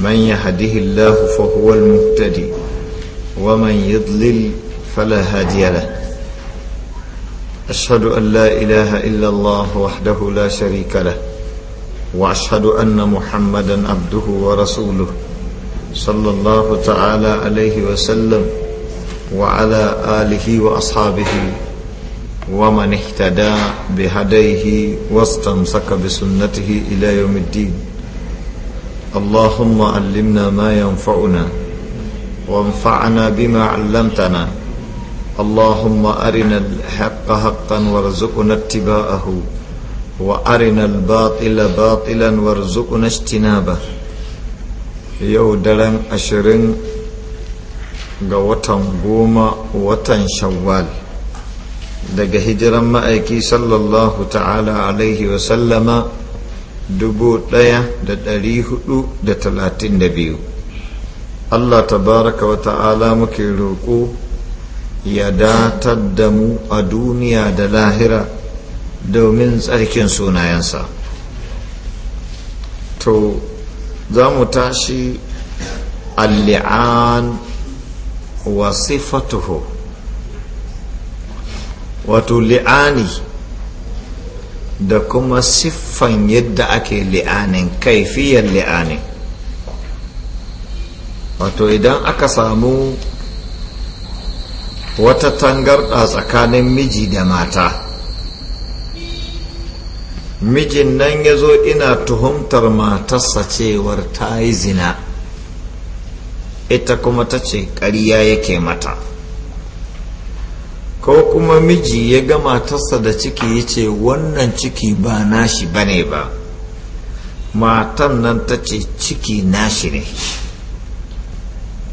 من يهده الله فهو المهتدي ومن يضلل فلا هادي له أشهد أن لا إله إلا الله وحده لا شريك له وأشهد أن محمدا عبده ورسوله صلى الله تعالى عليه وسلم وعلى آله وأصحابه ومن اهتدى بهديه واستمسك بسنته إلى يوم الدين اللهم علمنا ما ينفعنا وانفعنا بما علمتنا اللهم أرنا الحق حقا وارزقنا اتباعه وأرنا الباطل باطلا وارزقنا اجتنابه yau daren ashirin ga watan goma watan shawwal daga hijiran ma'aiki sallallahu ta'ala alaihi wasallama biyu. Allah tabaraka wa ta'ala muke roƙo ya datar da mu a duniya da lahira domin tsarkin sunayensa to za mu tashi alli’an wa sifatuhu wato li'ani da kuma siffan yadda ake li'anin kaifiyar li'anin wato idan aka samu wata tangarɗa tsakanin miji da mata mijin nan ya zo ina tuhumtar matarsa cewar ta yi zina ita kuma ta ce ƙarya yake mata ko kuma miji ya ga matarsa da ciki ya ce wannan ciki ba nashi ba ne ba matan nan ta ce ciki nashi ne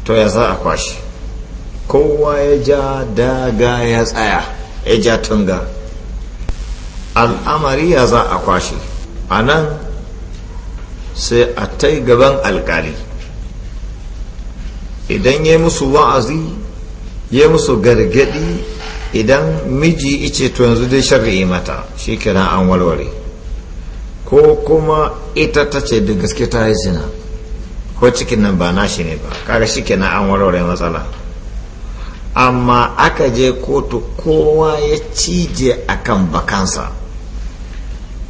to ya za a kwashi kowa ya ja daga ya tsaya ya ja tunga al'amari ya za a kwashi a nan sai a ta gaban alkali idan ya musu wa'azi ya musu gargadi idan miji ice to yanzu dai shari'i mata shi kira an warware ko kuma ita ta ce da gaske ta yi zina ko cikin nan ba nashi ne ba kaga shi kenan an warware matsala amma aka je kotu kowa ya cije akan bakansa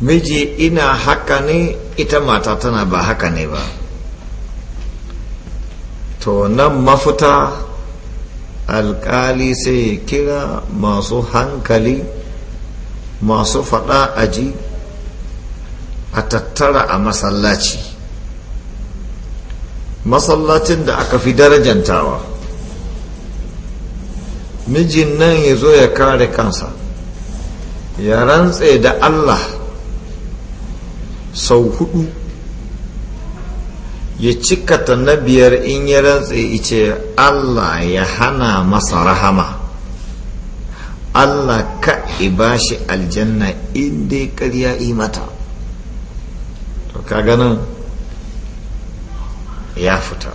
miji ina haka ne ita mata tana ba haka ne ba to nan mafuta alƙali sai ya kira masu hankali masu faɗa aji a tattara a masallaci masallacin da aka fi darajantawa mijin nan ya zo ya kare kansa ya rantse da allah sau hudu ya cika ta na biyar in ya rantse ce allah ya hana masa rahama allah ka bashi aljanna inda ya karya yi mata to ka ganin ya fita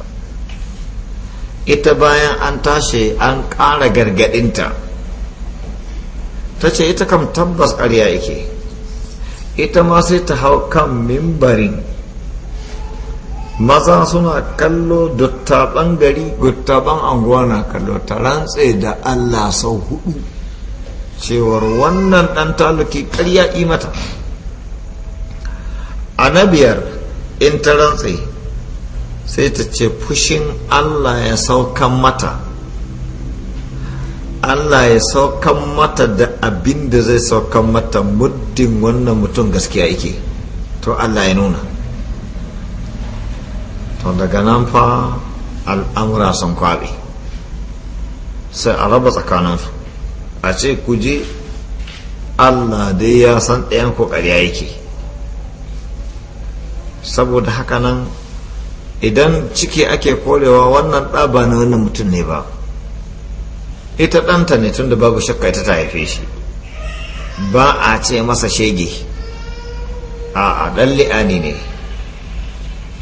ita bayan an tashi an ƙara gargaɗinta ta ce ita kam tabbas ƙarya yake ita ma sai ta hau kan mimbarin maza suna kallo dattaban gari dattaban anguwa na kallo ta rantse da allah sau hudu cewar wannan dan taluki karya imata a na biyar in ta rantse sai ta ce fushin allah ya saukan mata Allah ya saukan mata da abin da zai saukan mata muddin wannan mutum gaskiya yake to Allah ya nuna to daga nan fa al'amura sun kwaɓe sai a raba tsakaninsu a ce ku je allah dai ya san ɗayan ya yake saboda haka nan idan ciki ake korewa wannan ɗa ba na wannan mutum ne ba ita ɗanta ne tun da babu shakka ita ta haife shi ba a ce masa shege a ɗan li'ani ne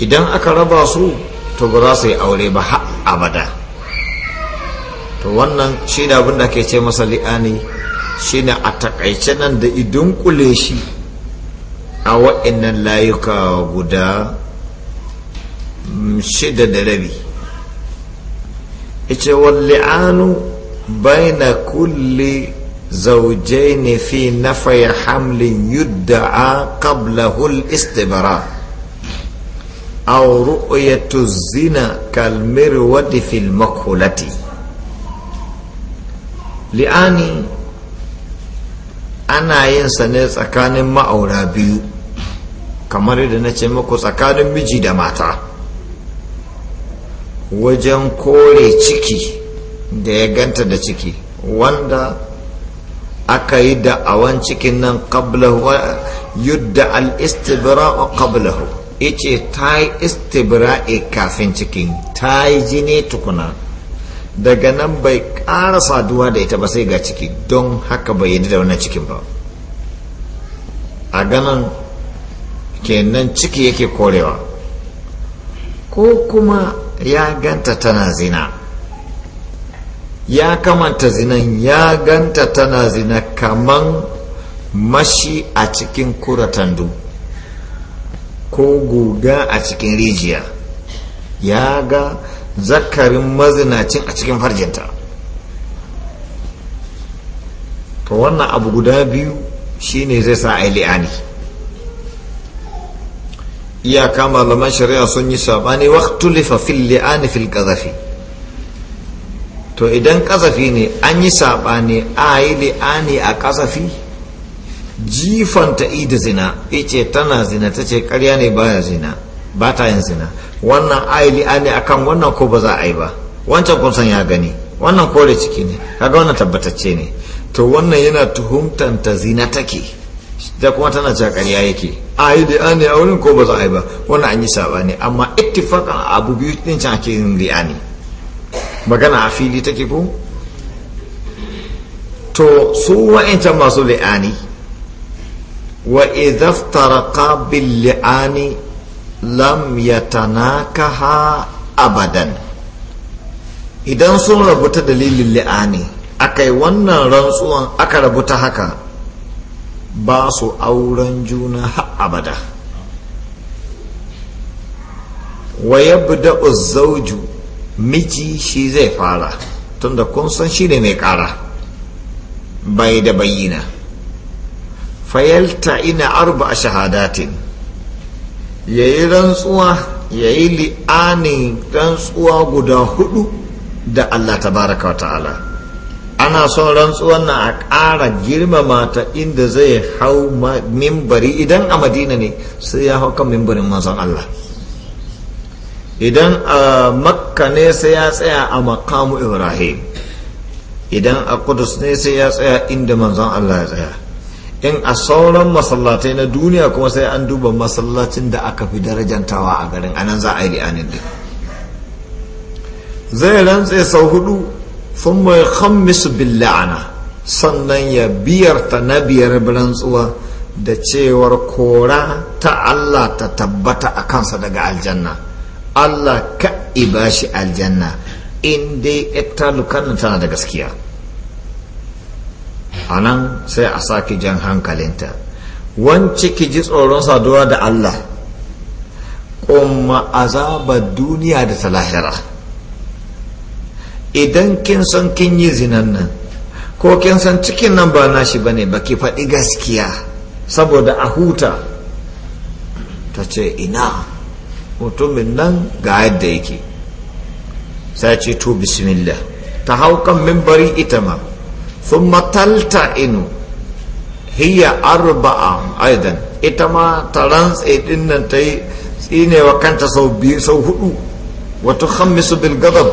idan aka raba su to ba za su yi aure ba ha abada to wannan shi da abin da ke ce masa li'ani shi ne a takaice nan da idun kule shi a wa'annan layuka guda mm, shida da rabi ice na baina kulli zaujaini fi nafaya hamlin yudda yudda'a qablahul istibara aw ru'yatu zina kal mirwadi fil li'ani ana yin sa ne tsakanin ma'aura biyu kamar yadda na ce muku tsakanin miji da mata wajen kore ciki da ya ganta da ciki wanda aka yi da da'awan cikin nan qablahu yudda al-istibra'u qablahu ce ta yi istibra'i kafin cikin ta yi jini tukuna daga nan bai ƙara saduwa da ita ba sai ga ciki don haka bai yadda da wannan cikin ba a ganin kenan ciki yake korewa ko kuma ya ganta tana zina ya kamanta zinan ya ganta tana zina kaman mashi a cikin kuratandu ko guga a cikin rijiya ya ga zakarin mazinacin a cikin farjinta to wannan abu guda biyu shine zai sa a li'ani iyaka malaman shari'a sun yi sabani waktulifa fil li'ani fil kazafi to idan kazafi ne an yi sabani a yi li'ani a kazafi jifanta ida zina yace tana zina ta ce karya ne baya zina ba ta yin zina wannan aili ne akan wannan ko ba za a yi ba wancan kun san ya gani wannan kore ciki ne kaga wannan tabbatacce ne to wannan yana tuhumtanta zina take da kuma tana cewa karya yake a yi da ne a wurin ko ba za a yi ba wannan an yi saba ne amma ittifakan abu biyu din can ake yin li'ani. ne magana a fili take ko to su wa'ancan masu li'ani li'ani lam ya tanaka ha أبدا idan sun rabu ta dalilin li'ani aka yi wannan rantsuwan aka rabu ta haka ba su auren juna har abada wa yabda zauju miji shi zai fara tunda kun san shi mai ƙara bai da bayyana fayalta ina arba a shahadatin ya yi rantsuwa ya yi li'anin rantsuwa guda hudu da Allah tabaraka wa ta'ala ana son rantsuwan na a ƙara girmama ta inda zai hau mimbari idan a madina ne sai ya hau kan mimbarin manzon Allah idan a makka ne sai ya tsaya a makamu ibrahim idan a kudus ne sai ya tsaya inda manzon Allah ya tsaya in a sauran masallatai na duniya kuma sai an duba masallacin da aka fi darajantawa a garin anan za a yi li'anin din zai rantse sau hudu sun mai khammisu billa'ana sannan ya biyarta na biyar rantsuwa da cewar kora ta Allah ta tabbata a kansa daga aljanna Allah ka ibashi aljanna in dai ita lukanin tana da gaskiya a nan sai a sake jan hankalinta wance ki ji tsoron saduwa da allah kuma azabar duniya da ta lahira idan kin san kin yi zinan nan ko kin san cikin nan ba nashi ba ne ba ki faɗi gaskiya saboda a huta ta ce ina mutumin nan ga yadda yake sai ce to bismillah ta hau kan mimbari ita ma ثم تلتئن هي أربعة أيضا إتما ترانس tsinewa تي إني وكانت سو بي سو هدو وتخمس بالغضب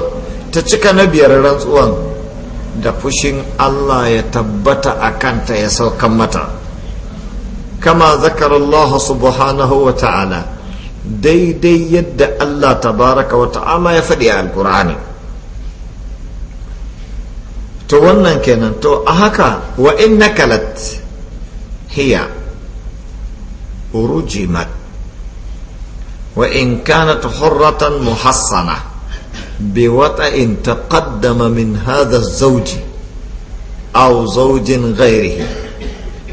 تشكى نبي رانسوان da fushin Allah ya tabbata a kanta ya saukan mata kama zakar subhanahu wa ta'ala daidai yadda Allah tabaraka wa ta'ala ya faɗi a alkur'ani to wannan kenan to a haka wa in nakalat hiya rujimat wa in kanat hurratan muhassana تقدم من هذا الزوج أو زوج غيره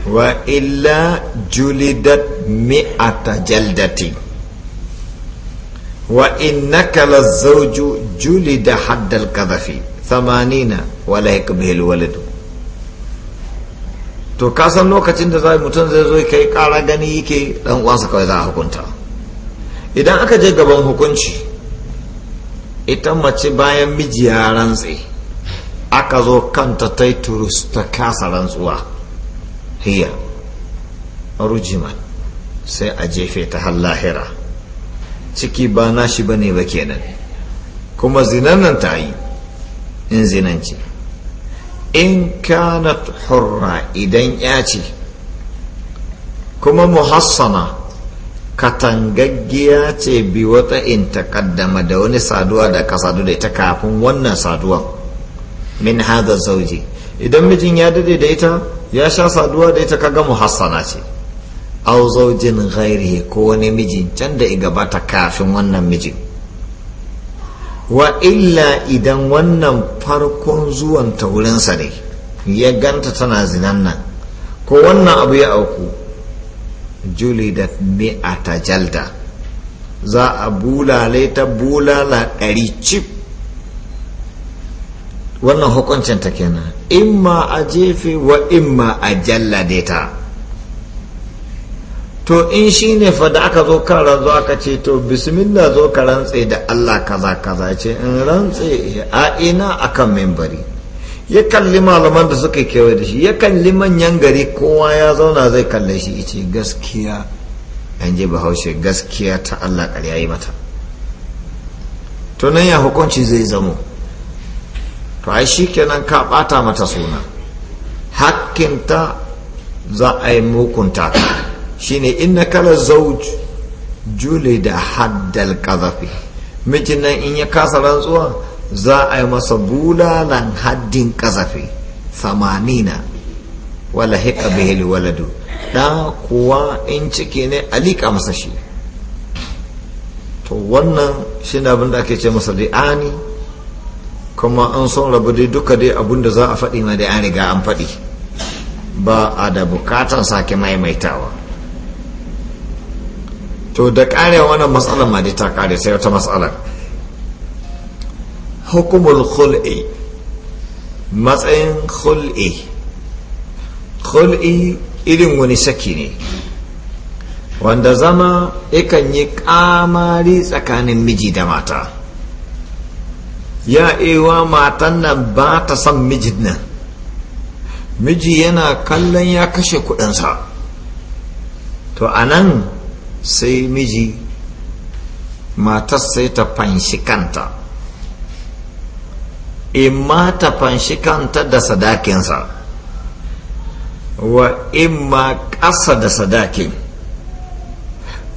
وإلا جلدت مئة جلدة وإن نكل الزوج جلد حد الكذف ثمانين wala ya kabihil waladu to ka san lokacin da zai mutum zai zo kai kara gani yake dan uwansa kawai za a hukunta idan aka je gaban hukunci ita mace bayan mijiya ya rantse aka zo kanta ta turus ta kasa rantsuwa hiya rujima sai a jefe ta lahira ciki ba nashi bane ba kenan kuma zinan nan ta yi in zinanci in kanat hurra idan ya ce kuma muhassana katangaggiya ce bi wata in takaddama da wani saduwa da ka sadu da ita kafin wannan saduwa min hada zauji idan mijin ya dade da ita ya sha saduwa da ita kaga muhassana ce au zaujin gairi ko wani mijin can da igabata kafin wannan mijin wa illa idan wannan farkon zuwan taurinsa ne ya ganta tana zinan nan ko wannan abu ya auku da ne a jalda za a bulale ta bulala ɗari cif wannan hukuncin ta kenan imma a jefe wa imma a jallade ta to in shi ne fa aka zo kan ranzo aka ce to bismillah zo ka rantse da Allah kaza kaza ce in rantse a ina akan membari ya kalli malaman da suka kewa da shi ya kalli manyan gari kowa ya zauna zai kalle shi ce gaskiya an ji bahaushe gaskiya ta Allah ƙarya yi mata to nan ya hukunci zai zamo to ai shi kenan ka ɓata mata suna hakkinta za a yi mukunta shine inna kala zauj jule da haddal kazafi mijin nan in ya kasa rantsuwa za a yi masa bulalan haddin kazafi samanina wala hika wala waladu da kuwa in cike ne alika masa shi to wannan shi ne abinda ake ce masa li'ani kuma an son rabu dai duka dai abinda za a faɗi ma da an riga an faɗi ba a da bukatan sake maimaitawa to da kare wannan matsalar ma ta kare sai wata matsalar hukumul khul'i matsayin khul'i khul'i irin wani saki ne wanda zama yakan yi kamari tsakanin miji da mata ya iwa matan nan ba ta son mijin nan miji yana kallon ya kashe kudinsa to a nan sai miji matar sai ta fanshi kanta ma ta fanshi kanta da sadakinsa wa in ma ƙasa da sadakin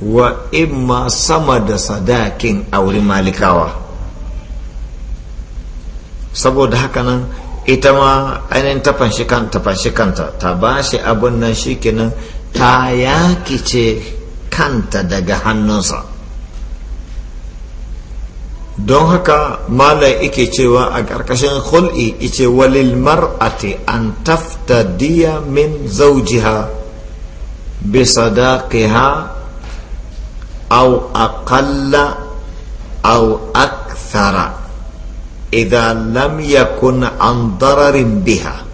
wa in ma sama da sadakin a wurin malikawa saboda haka nan ita ma ainihin ta fanshi kanta ta ba shi abin nan shi kenan ta ce. kanta daga hannunsa don haka malai ike cewa a ƙarƙashin hul'i ice walil mar'ati an taftadiya min zaujiha bi sadaqiha aw aqalla aw akthara idza lam yakun an dararin biha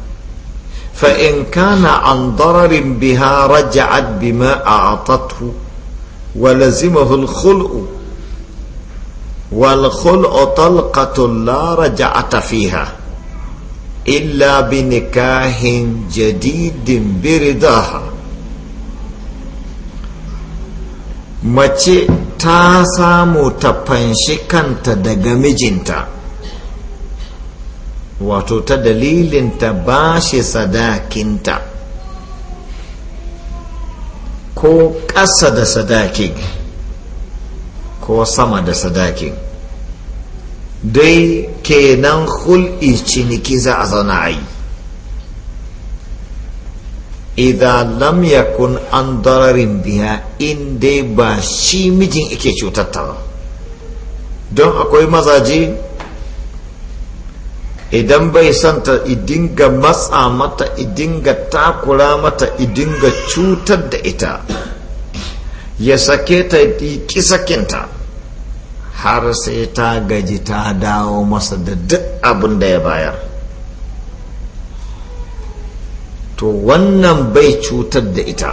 فإن كان عن ضرر بها رجعت بما أعطته ولزمه الخلع والخلع طلقة لا رجعة فيها إلا بنكاه جديد برضاها mace ta samu ta fanshi kanta daga mijinta wato ta dalilinta ba shi sadakinta ko ƙasa da sadakin ko sama da sadakin dai kenan hul'i ciniki za a zana a yi idan lam yakun an dararin biya in dai ba shi mijin ike cutar ba don akwai mazaje idan bai santa idinga matsa mata idinga takura mata idinga cutar da ita ya sake ta ki sakinta har sai ta gaji ta dawo masa da duk abin da ya bayar to wannan bai cutar da ita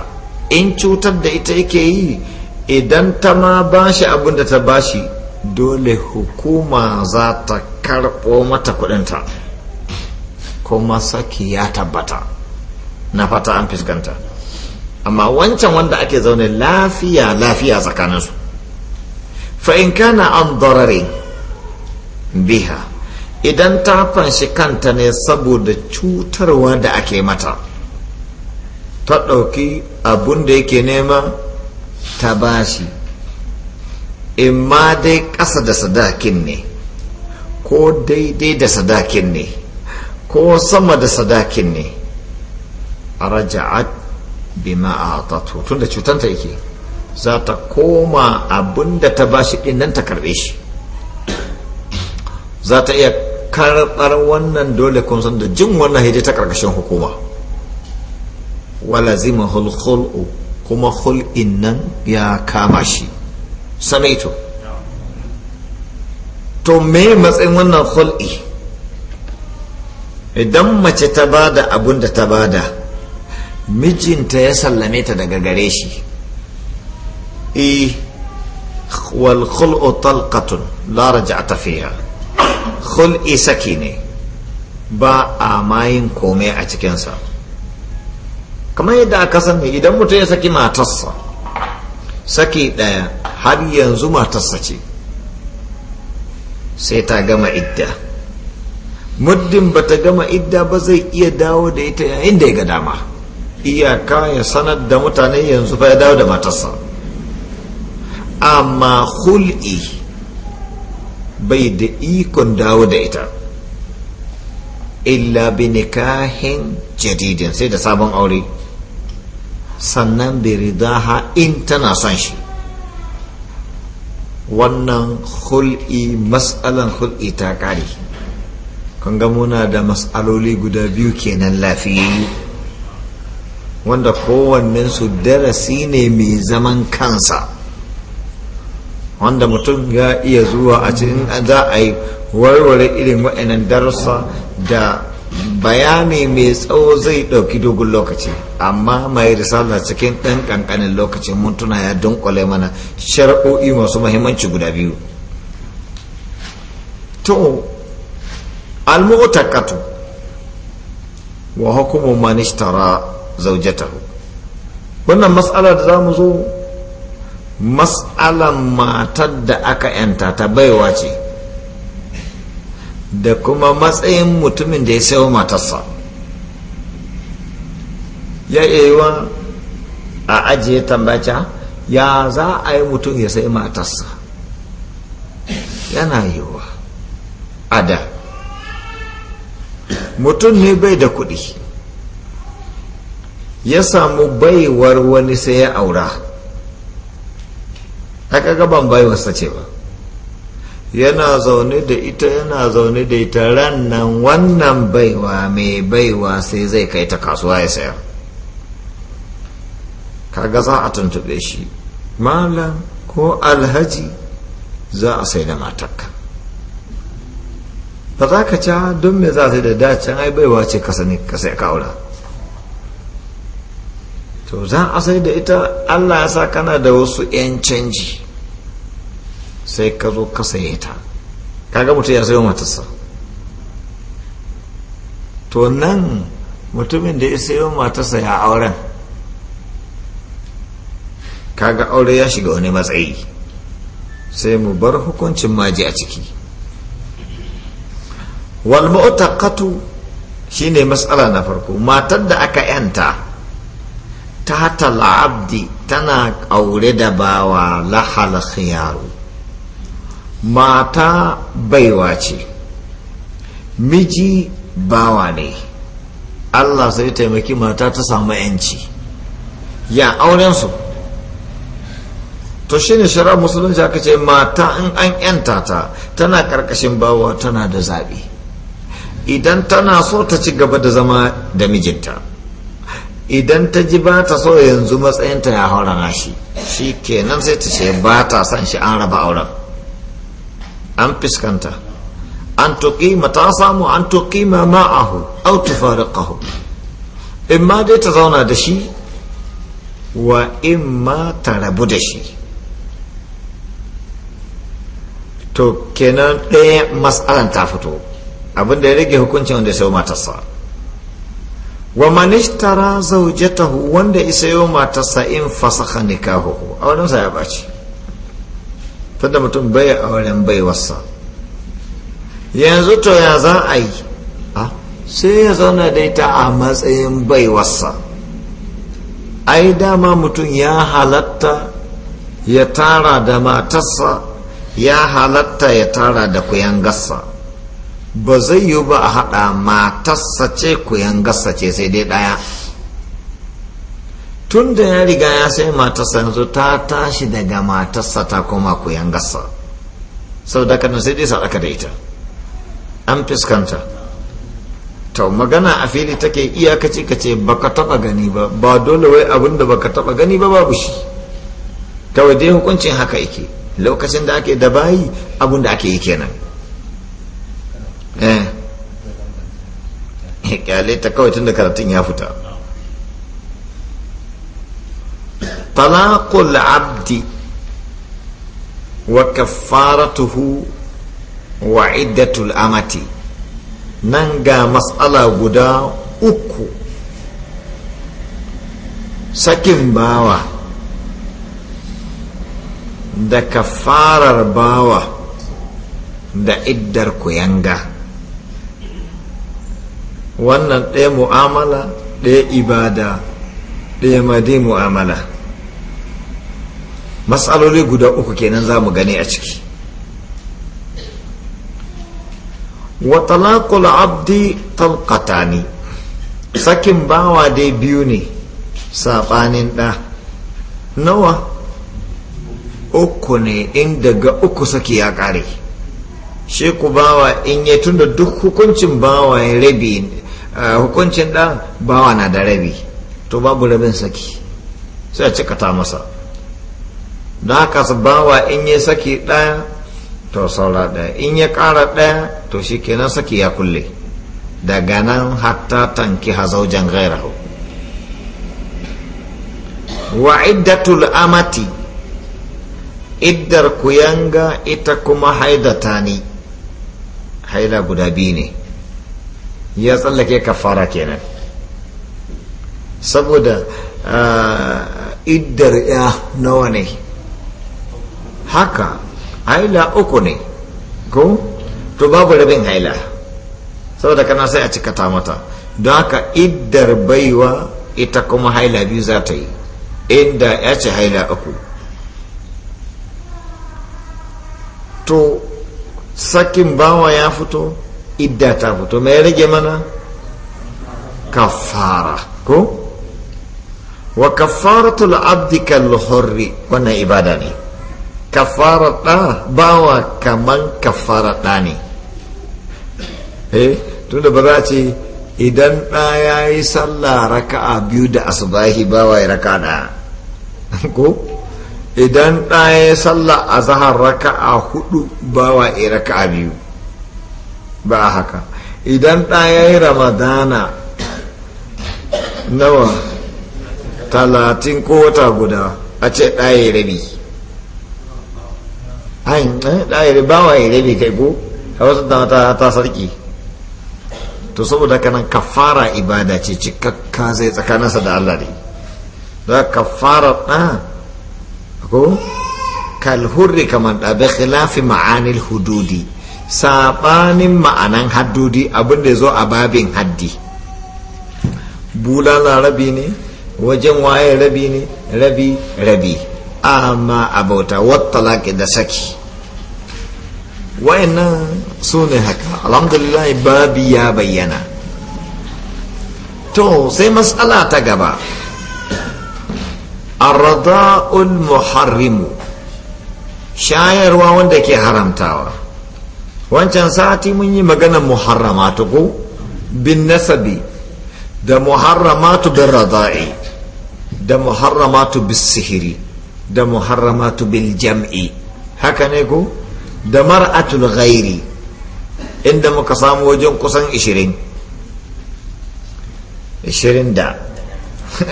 in cutar da ita yake yi idan ta ma ba shi abin da ta ba shi. dole hukuma za ta karɓo mata kudinta kuma saki ya tabbata na fata an fuskanta amma wancan wanda ake zaune lafiya lafiya tsakaninsu fa'in kana an dorare biha idan ta fanshi kanta ne saboda cutarwa da ake mata ta ɗauki abun da yake nema ta bashi in ma dai ƙasa da sadakin ne ko daidai da sadakin ne ko sama da sadakin ne a raja'at bima a tun da cutanta yake za ta koma abin da ta bashi shi nan ta karɓe shi za ta iya karɓar wannan dole kun san da jin wannan hidai ta ƙarƙashin hukuma wala zima hulkhul'u kuma hul'in nan ya kama shi samaito to me matsayin wannan hul'i idan mace ta bada abun da ta bada mijinta ya sallame ta daga gare shi e wal khul'u talqatun la raj'ata fiha khul'i saki ne ba a mayin komai a cikinsa kamar yadda aka sani idan mutum ya saki matarsa saki ɗaya har yanzu matarsa ce sai ta gama idda muddin ba ta gama idda ba zai iya dawo da ita yayin da ya ga dama iyaka ya sanar da mutane yanzu fa ya dawo da matarsa amma hul'i bai da ikon dawo da ita illa bi nikahin jadidin sai da sabon aure sannan ha in tana son shi wannan hul'i matsalan hul'i ta kare kan ga da matsaloli guda biyu kenan lafiyayyu wanda su darasi ne mai zaman kansa wanda mutum ya iya zuwa a cikin za a yi warware irin wa'inan darussa da bayani mai tsawo zai ɗauki dogon lokaci amma mai risala cikin ɗan ƙanƙanin lokacin mun tuna ya dunkule mana shari'o'i masu mahimmanci guda biyu to almu'takatu wa hukumu manistara zaujata. wannan mas'alar da za mu zo mas'alan matar da aka yanta ta baiwa ce da kuma matsayin mutumin da ya sayo matarsa ya iya a ajiye tambaca ya za a yi mutum ya sayi matarsa yana yiwa a da mutum ne bai da kuɗi ya samu baiwar wani sai ya aura haka gaban baiwarsa ce ba yana zaune da ita yana zaune da ita ran nan wannan baiwa mai baiwa sai zai kai ta kasuwa ya sayar kaga za a tuntube shi malam ko alhaji za a sai da matakka ba za ka ca don me za a sai da dacin ai baiwa ce ka sani ka sai kaura to za a sai da ita allah ya sa kana da wasu 'yan canji sai ka zo ka saye ta kaga mutum ya sayo matarsa to nan mutumin da ya sayo matarsa ya auren kaga aure ya shiga wani matsayi sai mu bar hukuncin maji a ciki wal mu'taqatu shine matsala na farko matar da aka yanta ta hatta abdi tana aure da bawa lahal khiyaru mata baiwa ce miji bawa ne allah sai taimaki mata ta samu yanci ya auren su to ne shara musulunci aka ce mata in an yanta ta tana karkashin bawa tana da zaɓi. idan tana so ta ci gaba da zama da mijinta idan ta ji ba ta so yanzu matsayinta ya haura shi shi kenan sai ta ce ba ta son shi an raba auren an fiskanta an tuqima ta samu an tuqima ma'ahu aw in imma dai ta zauna da shi wa ma ta rabu da shi to kenan ɗaya matsalan ta fito abinda ya rage hukuncin wanda sayo matarsa wa manishtara zaujatahu wanda isa yau matarsa in a nikahu aurensa ya baci tunda mutum bai auren baiwarsa yanzu to ya za a yi ah, sai ya zauna da ita a matsayin baiwarsa ai dama mutum ya halatta ya tara da matarsa ya halatta ya tara da kuyangarsa ba zai yi ba a haɗa matarsa ce kuyangarsa ce sai dai ɗaya tun da ya riga ya sai matarsa yanzu ta tashi daga matarsa ta koma koyan gasa sau da kanin sai dai sadaka da ita an fuskanta ta magana a fili take iyakaci kace baka taba gani ba ba dole wai abin da baka taba gani ba babu shi kawai dai hukuncin haka yake lokacin da ake da bayi abin da ake yi kenan eh kyale ta kawai tun da karatun ya fita طلاق العبد وكفارته وعدة الأمة ga مسألة غدا أكو سكن bawa da kafarar bawa da iddar yanga. wannan ɗaya mu'amala ɗaya ibada ɗaya madi mu'amala matsaloli guda uku kenan za mu gani a ciki watalakul lakula abdi talqatani sakin bawa dai biyu ne saɓanin ɗa nawa uku ne in daga uku saki ya ƙare shi ku bawa in ya tunda duk hukuncin bawa ya rabi hukuncin ɗan bawa na da rabi to babu rabin saki sai a cikata masa na haka su bawa in ya saki ɗaya to saura ɗaya in ya ƙara ɗaya to shi kenan saki ya kulle daga nan hatta tanki gaira gairahu wa iddatul amati iddar yanga ita kuma haidata ne haida guda biyu ne ya tsallake kafara kenan saboda ah, iddar ya nawa ne haka haila uku ne ko to babu rabin haila saboda kana sai a ta mata don haka iddar baiwa ita kuma haila biyu za ta yi inda ya ce haila uku to sakin bawa ya fito idda ta fito mai rage mana kafara ko wa kafaratul abdika al hurri wannan ibada ne kafara ɗa bawa kaman kafara ɗa ne eh da ba za a ce idan ɗa ya yi sallah raka'a biyu da asubahi bawa ya raka ɗaya ko idan ɗa ya yi sallah a zahar raka'a hudu bawa ya raka'a biyu ba haka idan ɗa ya yi ramadana nawa talatin ko wata guda a ce ɗaya rabi ayin ɗayar eh, bawa ya rabe kai ko a wasu ta ta sarki to saboda nan kafara ibada ce cikakka zai tsakaninsa da Allah ne ka kafara ɗa ko kalhurri kamar bai khilafi ma'anil hududi saɓanin ma'anan haddudi abinda da zo a babin haddi bulala rabi ne wajen waye rabi ne rabi rabi amma abota wattalaki da saki wayannan su ne haka alhamdulillah babi ya bayyana to sai matsala ta gaba A arrada'ul muharrimu shayarwa wanda ke haramtawa wancan sati mun yi magana muharramatu ko bin nasabi da muharramatu bin rada'i da muharramatu bis sihiri da muharramatu bil jam'i haka ne ko da mar'atul ghairi inda muka samu wajen kusan 20 20 da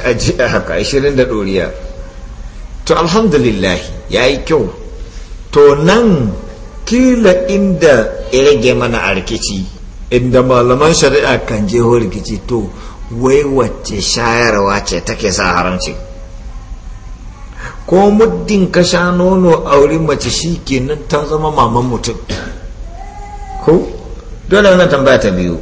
ajiya haka 20 da doriya to alhamdulillah ya yi kyau to nan kila inda ya rage mana a rikici inda malaman shari'a kan jeho rikici to wai wacce shayarwa ce take sa haramci ko muddin ka sha nono a wurin mace shi kenan ta zama maman mutum ko dole wannan tambaya ta biyu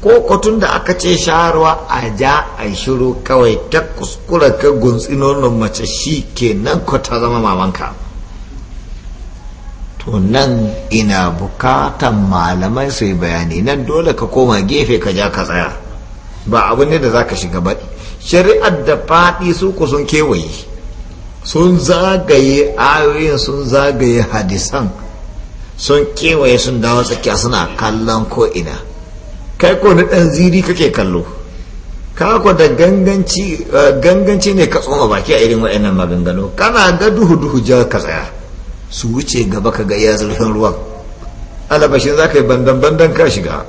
ko kotun da aka ce shaharwa a ja a shiru kawai ta kuskura ka guntsi nono mace shi nan ko ta zama mamanka to nan ina bukatan malamai su yi bayani nan dole ka koma gefe ka ja ka tsaya ba abu ne da za ka shiga ba shari'ar da faɗi su sun kewaye sun zagaye ayoyin sun zagaye hadisan sun kewaye sun dawo tsakiya suna kallon ko'ina kai ko na ɗan ziri kake kallo kako da eh, ganganci ne ka tsoma baki a irin wa'annan maganganu kana ga duhu-duhu ja ka tsaya su wuce gaba ka ga iya zurfin ruwan alabashin za ka yi bandan-bandan ka shiga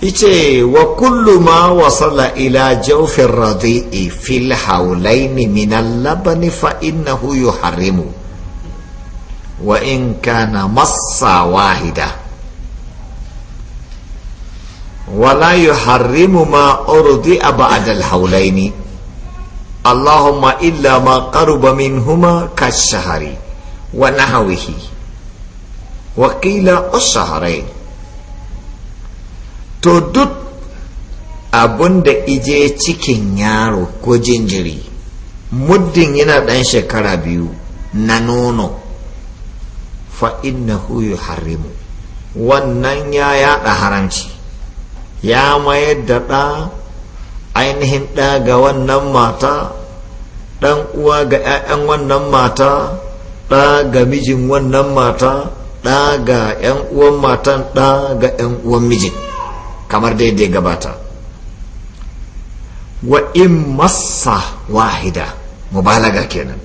ice wa kullu ma wasala ila jawfin radi'i fil haulaini min al-labani fa innahu yuharrimu wa in kana massa wahida ولا يحرم ما أرضي بعد الحولين اللهم إلا ما قرب منهما كالشهر ونحوه وقيل الشهرين to duk abun da ije cikin yaro ko jinjiri muddin yana ɗan shekara biyu na nono fa huyu harimu. wannan ya yada haramci ya mayar da ɗa ainihin ɗa ga wannan mata ɗan uwa ga 'ya'yan wannan mata ɗa ga mijin wannan mata ɗa ga 'yan uwan matan ɗa ga 'yan uwan mijin kamar daidai gabata wa in massa wahida mubalaga kenan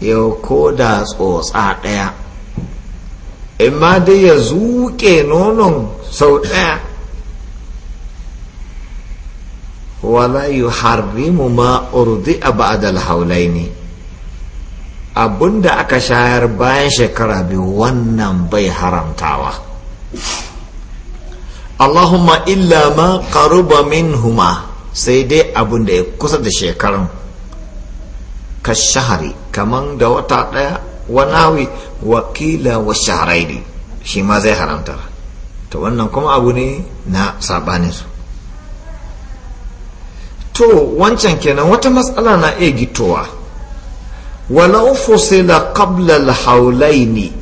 yau ko da tsotsa ɗaya in dai ya zuke nonon sau ɗaya wala mu ma urdi a Ba'adal haulai ne? abunda aka shayar bayan shekara biyu wannan bai haramtawa Allahumma illa ma min minhuma sai dai abun da ya kusa da shekarun ka shahari kaman da wata daya wa wakila wa shahraini shi ma zai haramta ta wannan kuma abu ne na sabanin su to wancan kenan wata matsala na iya gitowa walau fusila qabla al-hawlaini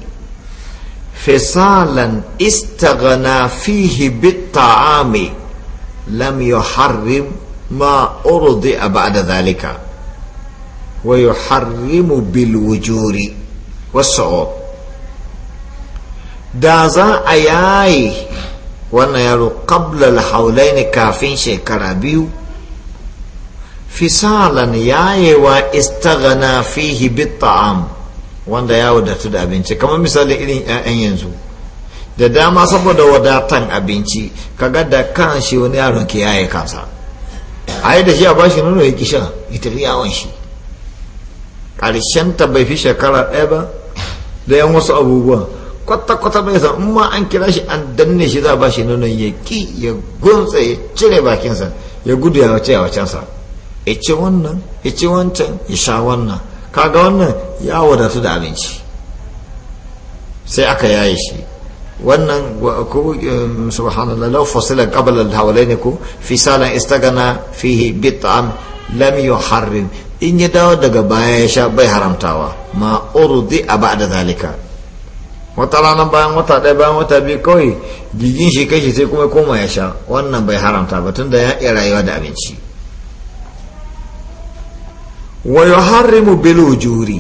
فصالا استغنى فيه بالطعام لم يحرم ما أرضئ بعد ذلك ويحرم بالوجور والصعود دازا أياي وانا يرو قبل الحولين كافين شكرا كرابيو فصالا ياي واستغنى فيه بالطعام wanda ya wadatu da abinci kamar misali irin 'ya'yan yanzu da dama saboda wadatan abinci kaga da kan shi wani yaron ke yaye kansa a yi da shi a bashi nuna ya kisha ya tafi yawon shi ƙarshenta bai fi shekara ɗaya ba da yan wasu abubuwa kwata-kwata bai san in ma an kira shi an danne shi za a bashi nuna ya ki ya gunsa ya cire bakinsa ya gudu ya wace a wacensa ya ci wannan ya ci wancan ya sha wannan kaga wannan ya wadatu da abinci sai aka yaye shi wannan ko um, subhanallah law fasila qabla al-hawlayn ko fisalan istagana fihi bit'am lam yuharrim in ya dawo daga baya ya sha bai haramtawa ma urdi a ba'da zalika wata rana bayan wata ɗaya bayan wata biyu kawai jigin shi kashi sai kuma koma ya sha wannan bai haramta ba tun da ya iya rayuwa da abinci wa yuharrimu bil juri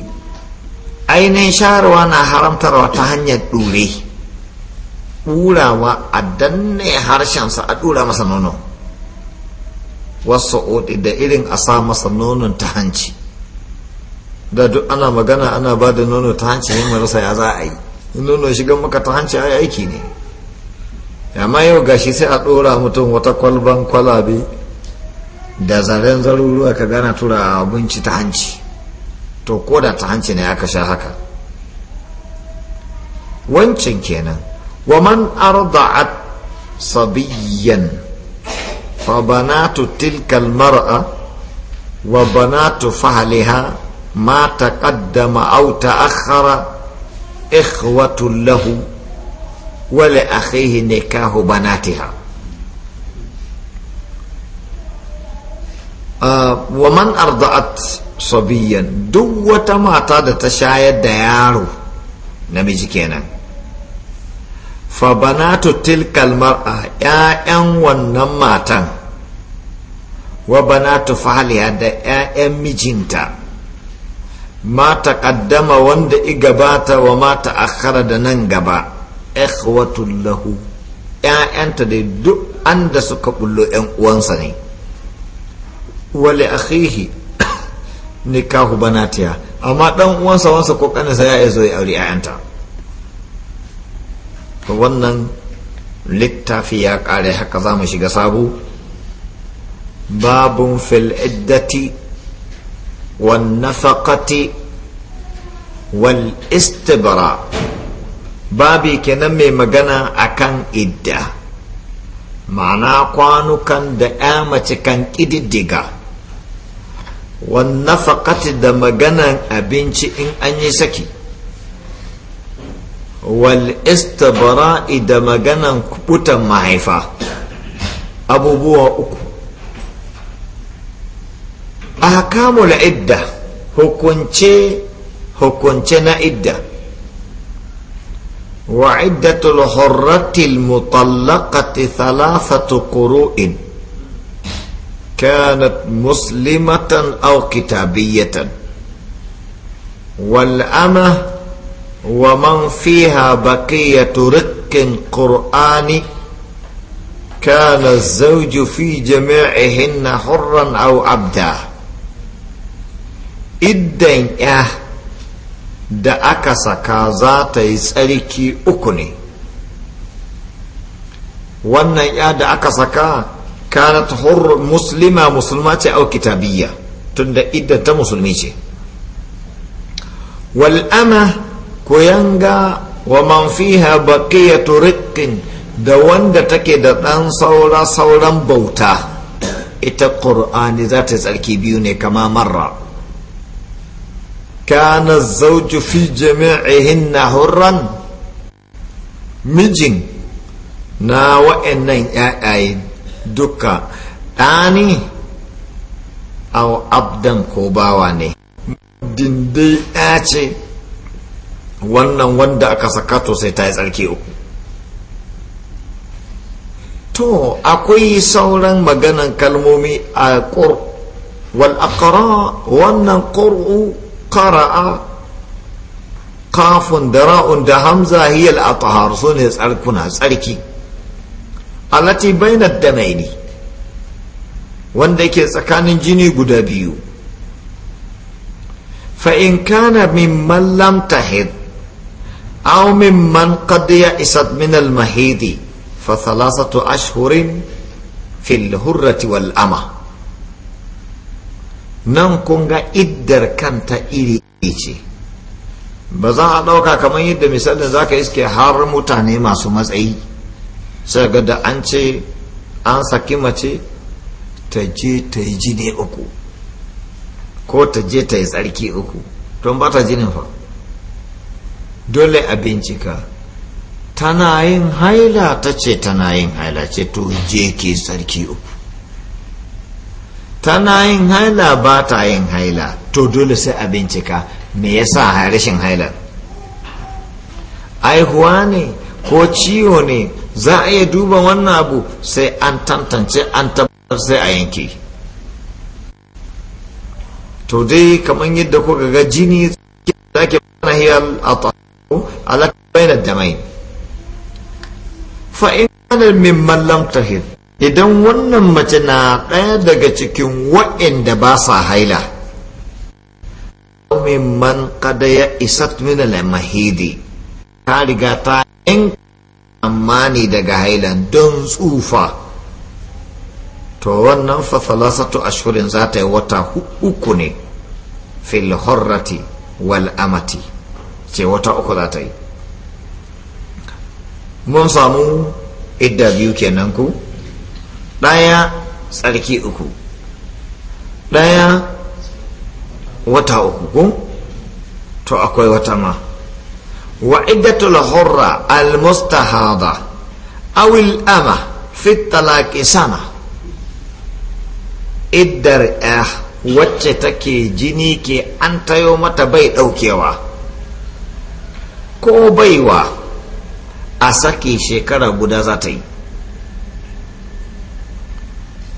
ainihin shaharwa na haramtarwa ta hanyar dure ɗurawa a danne harshensa a ɗura masa nono wasu oɗi da irin a sa masa nonon ta hanci da duk ana magana ana ba da nono ta hanci yin marasa ya za a yi nono shiga maka ta hanci ai aiki ne amma yau gashi sai a ɗora mutum wata kwalban kwalabe da zaren zaruruwa ka gana tura abinci ta hanci to ko da ta hanci ne aka sha haka wancan kenan waman arda'at sabiyan fa banatu tilkal mar'a wa banatu fahliha ma taqaddama aw ta'akhkhara ikhwatun lahu wa li akhihi nikahu banatiha Ah, wa man arda'at sabiyan duk wata mata da ta shayar da yaro namiji kenan fa banatu tilkal mar'a ƴaƴan wannan matan wa banatu fahliha da ƴaƴan mijinta ma kaddama wanda i gabata wa ma akara da nan gaba ikhwatul lahu ƴaƴanta dai duk anda suka bullo ƴan uwansa ne wale akhihi nikahu banatiya amma dan uwansa wansa ko kaninsa ya zo ya aure ayanta wannan littafi ya kare haka za mu shiga sabu babun fil iddati wan nafaqati wal istibara. babi kenan mai magana akan idda ma'ana kwanukan da ya mace kan ƙididdiga wannafaqati da maganan abinci in an yi saki wal istibra'i da maganan kubutan mahaifa abubuwa uku ahkamul idda hukunce hukunce na idda wa iddatul hurratil mutallaqati thalathatu quru'in كانت مسلمة أو كتابية والأمة ومن فيها بقية رق قرآني كان الزوج في جميعهن حرا أو عبدا إدن إه da سكازا saka أكني ta yi tsarki uku ne kanat hur muslima musulma ce au kitabiyya tunda iddan ta musulmi ce wal ama wa manfiha fiha baqiyatu riqqin da wanda take da ɗan saura sauran bauta ita ƙur'ani zata ta tsarki biyu ne kama mara. kana zauju fi jami'ihin na hurran mijin na wa'annan 'ya'yaye dukka ɗani au abdan ko bawa ne dindai ɗaya ce wannan wanda aka saka to sai ta yi tsarki uku to akwai sauran maganan kalmomi a ƙur wal akara wannan ƙur'u ƙara'a kafin da ra'un da hamza hiyal a tahar su ne tsarkuna tsarki allati bainad damaini wanda yake tsakanin jini guda biyu fa in kana mimman lam tahid aw mimman qad ya'isat min al mahidi fa thalathatu ashhurin fil hurrati wal ama nan kun ga iddar kanta iri ce ba za a ɗauka kamar yadda misalin za ka iske har mutane masu matsayi sai ga da an ce an saki mace ta je ta yi jini uku ko ta je ta yi tsarki uku don ba ta jinin fa dole a bincika tana yin haila ta ce tana yin haila ce to je ke tsarki uku tana yin haila ba ta yin haila to dole sai a bincika me yasa rashin haila aihuwa ne ko ciwo ne za a iya duba wannan abu sai an tantance an tabbatar sai a yanke to dai kamar yadda kuka ga jini da ke bana hiyar a alaƙa da mai fa'in mimman lam tahir idan wannan mace na ɗaya daga cikin waɗanda ba sa haila mimman kada ya isat min al-mahidi ta riga ta yanka amma ne daga haila don tsufa to wannan fasalasatu ashirin za ta yi wata uku ne fil horrati wal amati ce wata uku za ta yi mun samu idda biyu kenan ku ɗaya tsarki uku ɗaya wata uku ku to akwai wata ma وعدة الحرة المستهاضة أو الأمة في الطلاق سنة إدر أه wacce take jini ke an tayo mata bai ɗaukewa ko baiwa a saki shekara guda za ta yi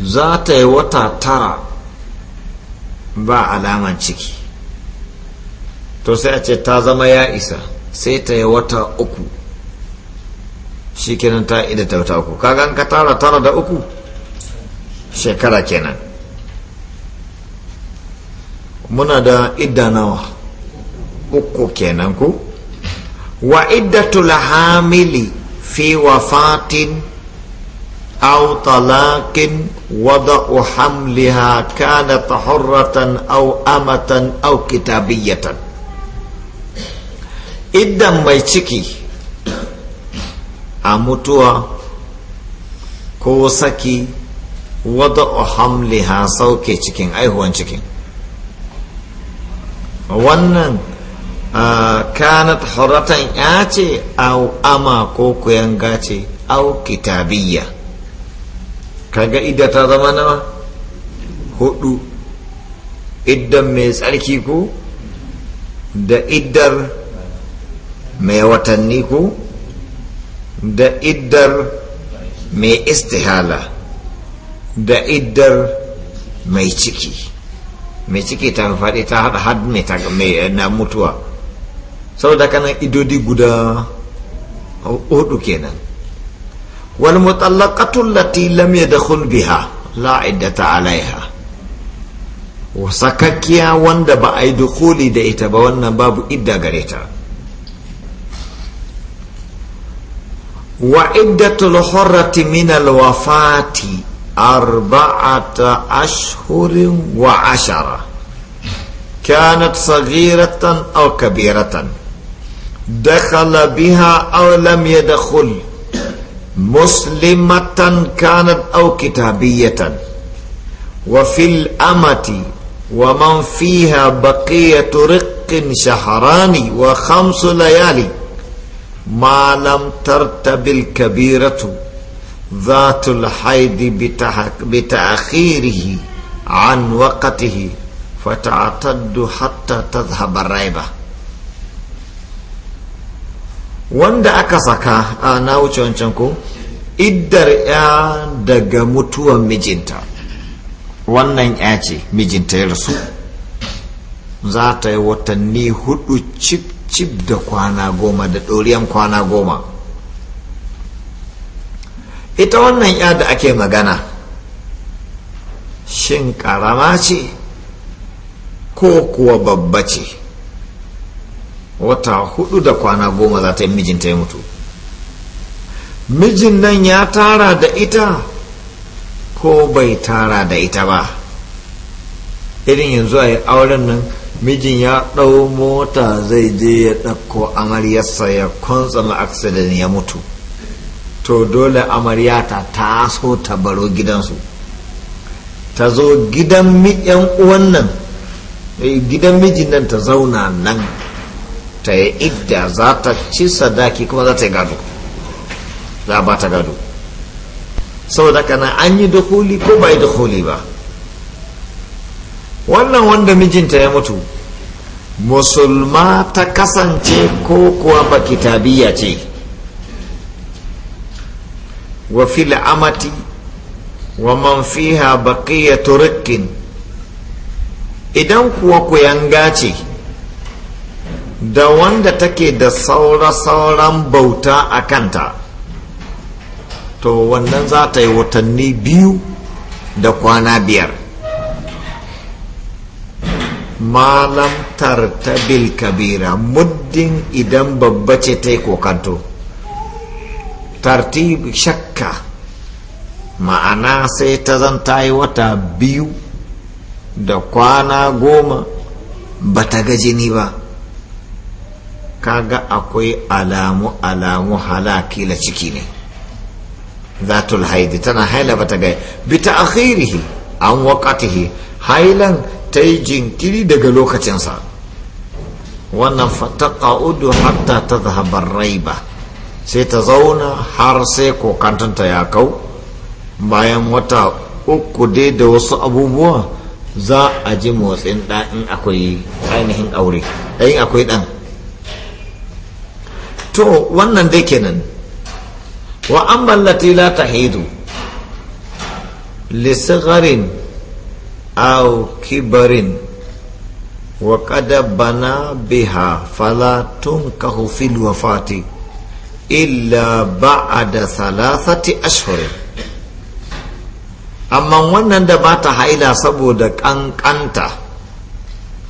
za yi wata tara ba alaman ciki to sai a ta zama ya isa sai ta yi wata uku shi kenan ta ida ta wata uku kagan ka tara tara da uku shekara kenan muna da idda nawa uku kenan ku wa iddatul hamili fi wafatin أو طلاق وضع حملها كانت حرة أو أمة أو كتابية idan mai ciki a mutuwa ko saki wadda ha sauke cikin aihuwan cikin wannan kanat horatan ya ce au ama ko kuyanga ce au kitabiyya kaga idan ta zama na hudu idan mai tsarki ko da iddar mai watanni ko da iddar mai istihala da iddar mai ciki mai ciki ta faɗi ta haɗa had mai eh, na mutuwa saboda kanan idodi guda hudu kenan wal mutallaqatu allati lam yadkhul biha la iddata alaiha sakakkiya wanda ba a yi da ita ba wannan babu idda gare ta وعدة الحرة من الوفاة أربعة أشهر وعشرة كانت صغيرة أو كبيرة دخل بها أو لم يدخل مسلمة كانت أو كتابية وفي الأمة ومن فيها بقية رق شهران وخمس ليالي ما لم ترتب الكبيرة ذات الحيض بتأخيره عن وقته فتعتد حتى تذهب الريبة wanda aka saka a na wuce wancan ko iddar ya daga mutuwar mijinta wannan ya ce mijinta ya rasu za ta yi watanni hudu cik. cib da kwana goma da ɗoriyan kwana goma ita wannan ya da ake magana shin ƙarama ce ko kuwa babba ce wata hudu da kwana goma za ta yi mijinta ya mutu mijin nan ya tara da ita ko bai tara da ita ba irin yanzu a yi auren nan mijin ya ɗau mota zai je ya ɗauko amaryarsa ya kwantsama accident ya mutu to dole amarya ta taso ta baro gidansu ta zo gidan yan uwan eh, gidan mijin nan ta zauna nan ta yi idda za ta ci sadaki kuma za ta yi gado za ba ta gado saboda kana an yi dukuli ko bai yi dukuli ba wannan wanda mijinta ya mutu musulma ta kasance ko kuwa ba kitabiya ce wa fil amati wa man fiha baqiyatu rikkin idan kuwa ku yanga ce da wanda take da saura-sauran bauta a kanta to wannan za ta yi watanni biyu da kwana biyar malam tartabil kabira muddin idan babba ce ta yi kokanto tartib shakka ma'ana sai ta zan ta yi wata biyu da kwana goma ba ta ga jini ba kaga akwai alamu alamu halaki la ciki ne zatul haidi tana haila ba ta ga bi ta akhirihi an wakatihi hailan ta yi jinkiri daga lokacinsa wannan udu hatta ta zahabar rai ba sai ta zauna har sai kokantanta ya kau bayan wata uku dai da wasu abubuwa za a ji motsin ɗan akwai ainihin aure ɗan akwai ɗan to wannan dai kenan wa an mallati la ta hidu lissigarin أو كبر وقد بنى بها فلا تنكه في الوفاة إلا بعد ثلاثة أشهر amma wannan da ba ta haila saboda kankanta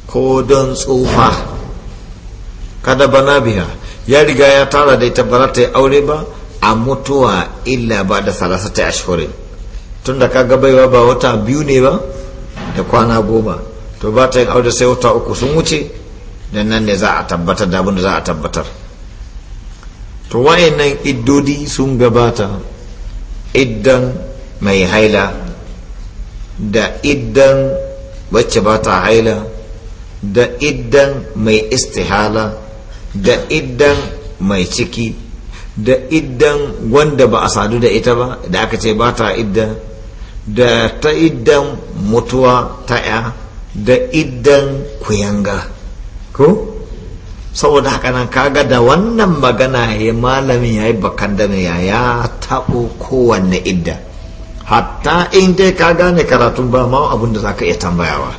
ko don tsufa kada bana biya ya riga ya tara da ita ba ta yi aure ba a mutuwa illa ba da salasata ashore tun da kaga baiwa ba wata biyu ne ba da kwana goma to ba ta yin aure sai wata uku sun wuce da nan ne za a tabbatar da abin da za a tabbatar to nan iddodi sun gabata iddan mai haila da iddan wacce ba ta haila da iddan mai istihala da iddan mai ciki da iddan wanda ba a sadu da ita ba da aka ce ba ta idda da ta idan mutuwa ta ya da idan kuyanga ko saboda haka nan kaga da wannan magana ya malamin ya yi bakan da ya ya taɓo kowanne idda hatta in dai ka gane karatun ba ma abin da za ka iya tambayawa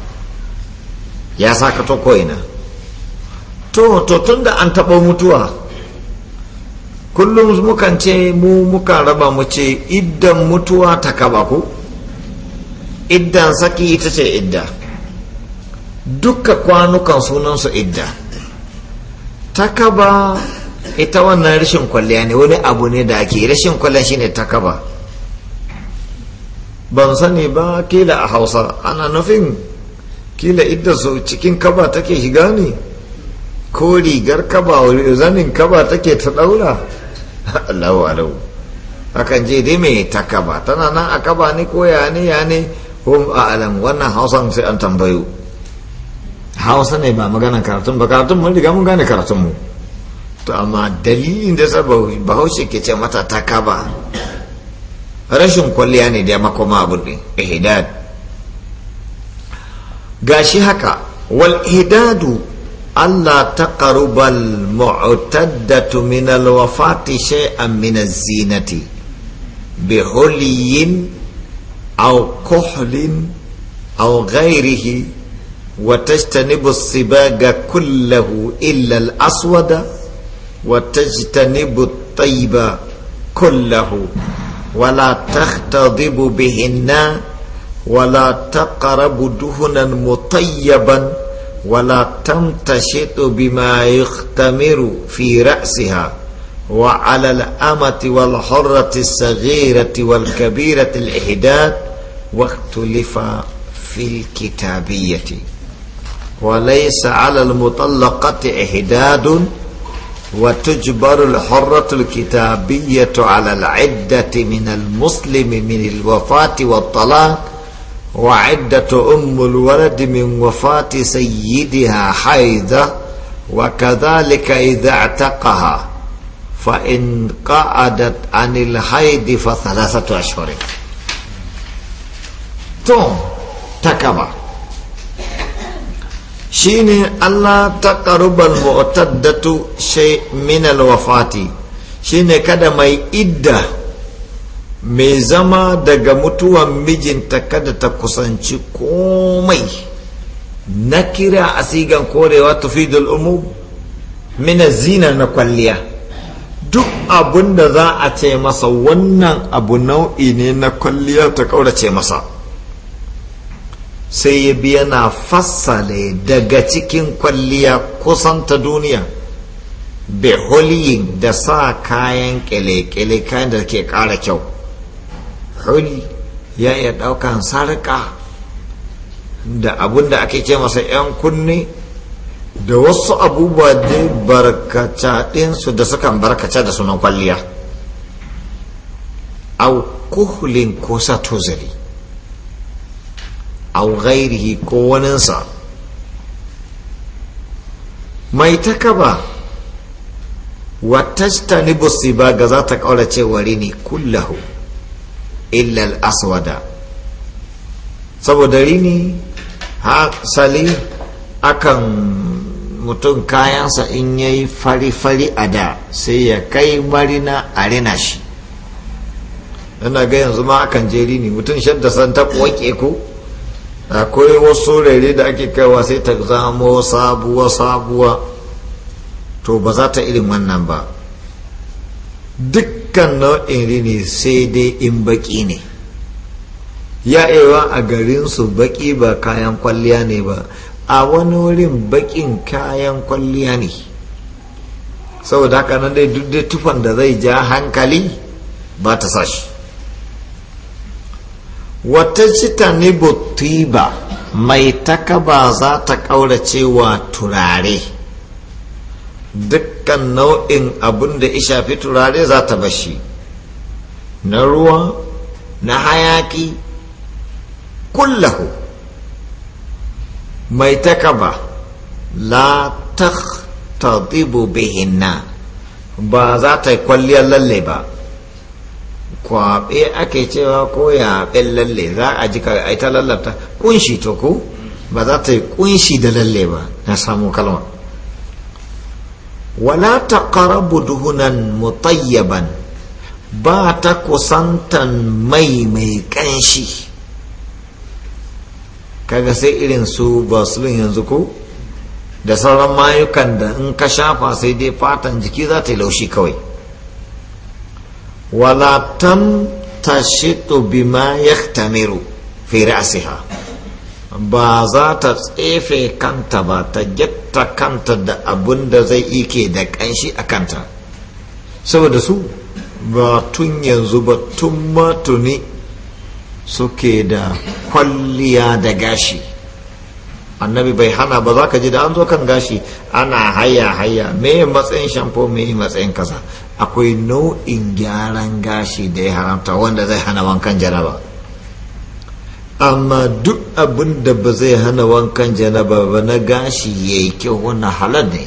ya sa ka to ko'ina to to tun da an taɓo mutuwa kullum mukan ce mu muka raba mu ce iddan mutuwa ta kaba ku iddan saki ita ce idda dukka kwanukan sunansu idda takaba ita wannan rashin kwalliya ne wani abu ne da ake rashin kwalliya shine takaba ban sani ba kila a hausa ana nufin kila idda su cikin kaba take shiga ne ko rigar kaba zanin kaba take ta daura allahu alau akan je dai mai takaba tana nan a kaba ne ko ya ne ya ne hum a'lam wannan hausan sai an tambayo hausa ne ba magana karatun ba karatun mun riga mun gane karatun mu to amma dalilin da sa bahaushe ke ce mata ta kaba rashin kwalliya ne da makoma abu ne ihdad gashi haka wal ihdadu Allah ta karubal mu'taddatu min alwafati shay'an min az-zinati bi أو كحل أو غيره وتجتنب الصباغ كله إلا الأسود وتجتنب الطيب كله ولا تختضب بهن ولا تقرب دهنا مطيبا ولا تمتشط بما يختمر في رأسها وعلى الأمة والحرة الصغيرة والكبيرة الإحداث واختلف في الكتابية وليس على المطلقة إهداد وتجبر الحرة الكتابية على العدة من المسلم من الوفاة والطلاق وعدة أم الولد من وفاة سيدها حيدة وكذلك إذا اعتقها فإن قعدت عن الحيض فثلاثة أشهر to ta kaba ne Allah ta karubal mu'taddatu minal wafati shi ne kada mai idda mai zama daga mutuwan mijinta kada ta kusanci komai na kira a sigan korewa tufidul umu mina zina na kwalliya duk abun da za a ce masa wannan abu nau'i ne na kwalliya ta kaurace masa sai ya bi fassale daga cikin kwalliya kusan ta duniya beholiyin da sa kayan kele-kele kayan da ke ƙara kyau huli ya iya ɗaukan sarƙa da abun da ake ce masa 'yan kunne da wasu abubuwa dai barkacaɗinsu da sukan barkaca da sunan kwalliya A kuhulin ko sa au ghairihi ko waninsa mai ta kaba watasta ni ba ga za ta rini wari ne kullahu illal aswada saboda rini sali akan mutum kayansa in ya yi fari-fari a da sai ya kai marina a rina shi ina ga yanzu ma akan je rini mutum shadda san ta kuwa ko akwai wasu rere da ake kaiwa sai ta zamo sabuwa sabuwa to ba za ta irin wannan ba dukkan nau'in rini sai dai in baki ne ya ewa a garinsu baki ba kayan kwalliya ne ba a wani wurin bakin kayan kwalliya ne saboda haka nan dai duk dai tufan da zai ja hankali ba ta sashi wata cita ne ba mai takaba za ta ƙaurace wa turare dukkan nau'in abin da shafi turare za ta bashi na ruwa na hayaki kullahu mai takaba la ta bihinna ba za ta yi kwalliyar lalle ba kwaɓe ake cewa ko ya lalle za a ji ka ita lallata kunshi to ku ba za ta yi kunshi da lalle ba na samu kalma wala ta ƙara buduhunan mutayyaban ba ta kusantan mai mai ƙanshi kaga sai irin su basulun yanzu ku da sauran mayukan da in ka shafa sai dai fatan jiki za ta yi laushi kawai wala tamtashitu bima yahtamiru a siha ba za ta tsefe kanta ba ta getta kanta da abun da zai ike da kanshi a kanta saboda su ba tun yanzu ba tun matuni suke da kwalliya da gashi annabi bai hana ba za ka ji da an zo kan gashi ana haya haya me matsayin shampo me matsayin kasa akwai nau'in gyaran gashi da ya haramta wanda zai hana wankan janaba amma duk abin da ba zai hana wankan janaba ba na gashi ya yi kyau wani halar ne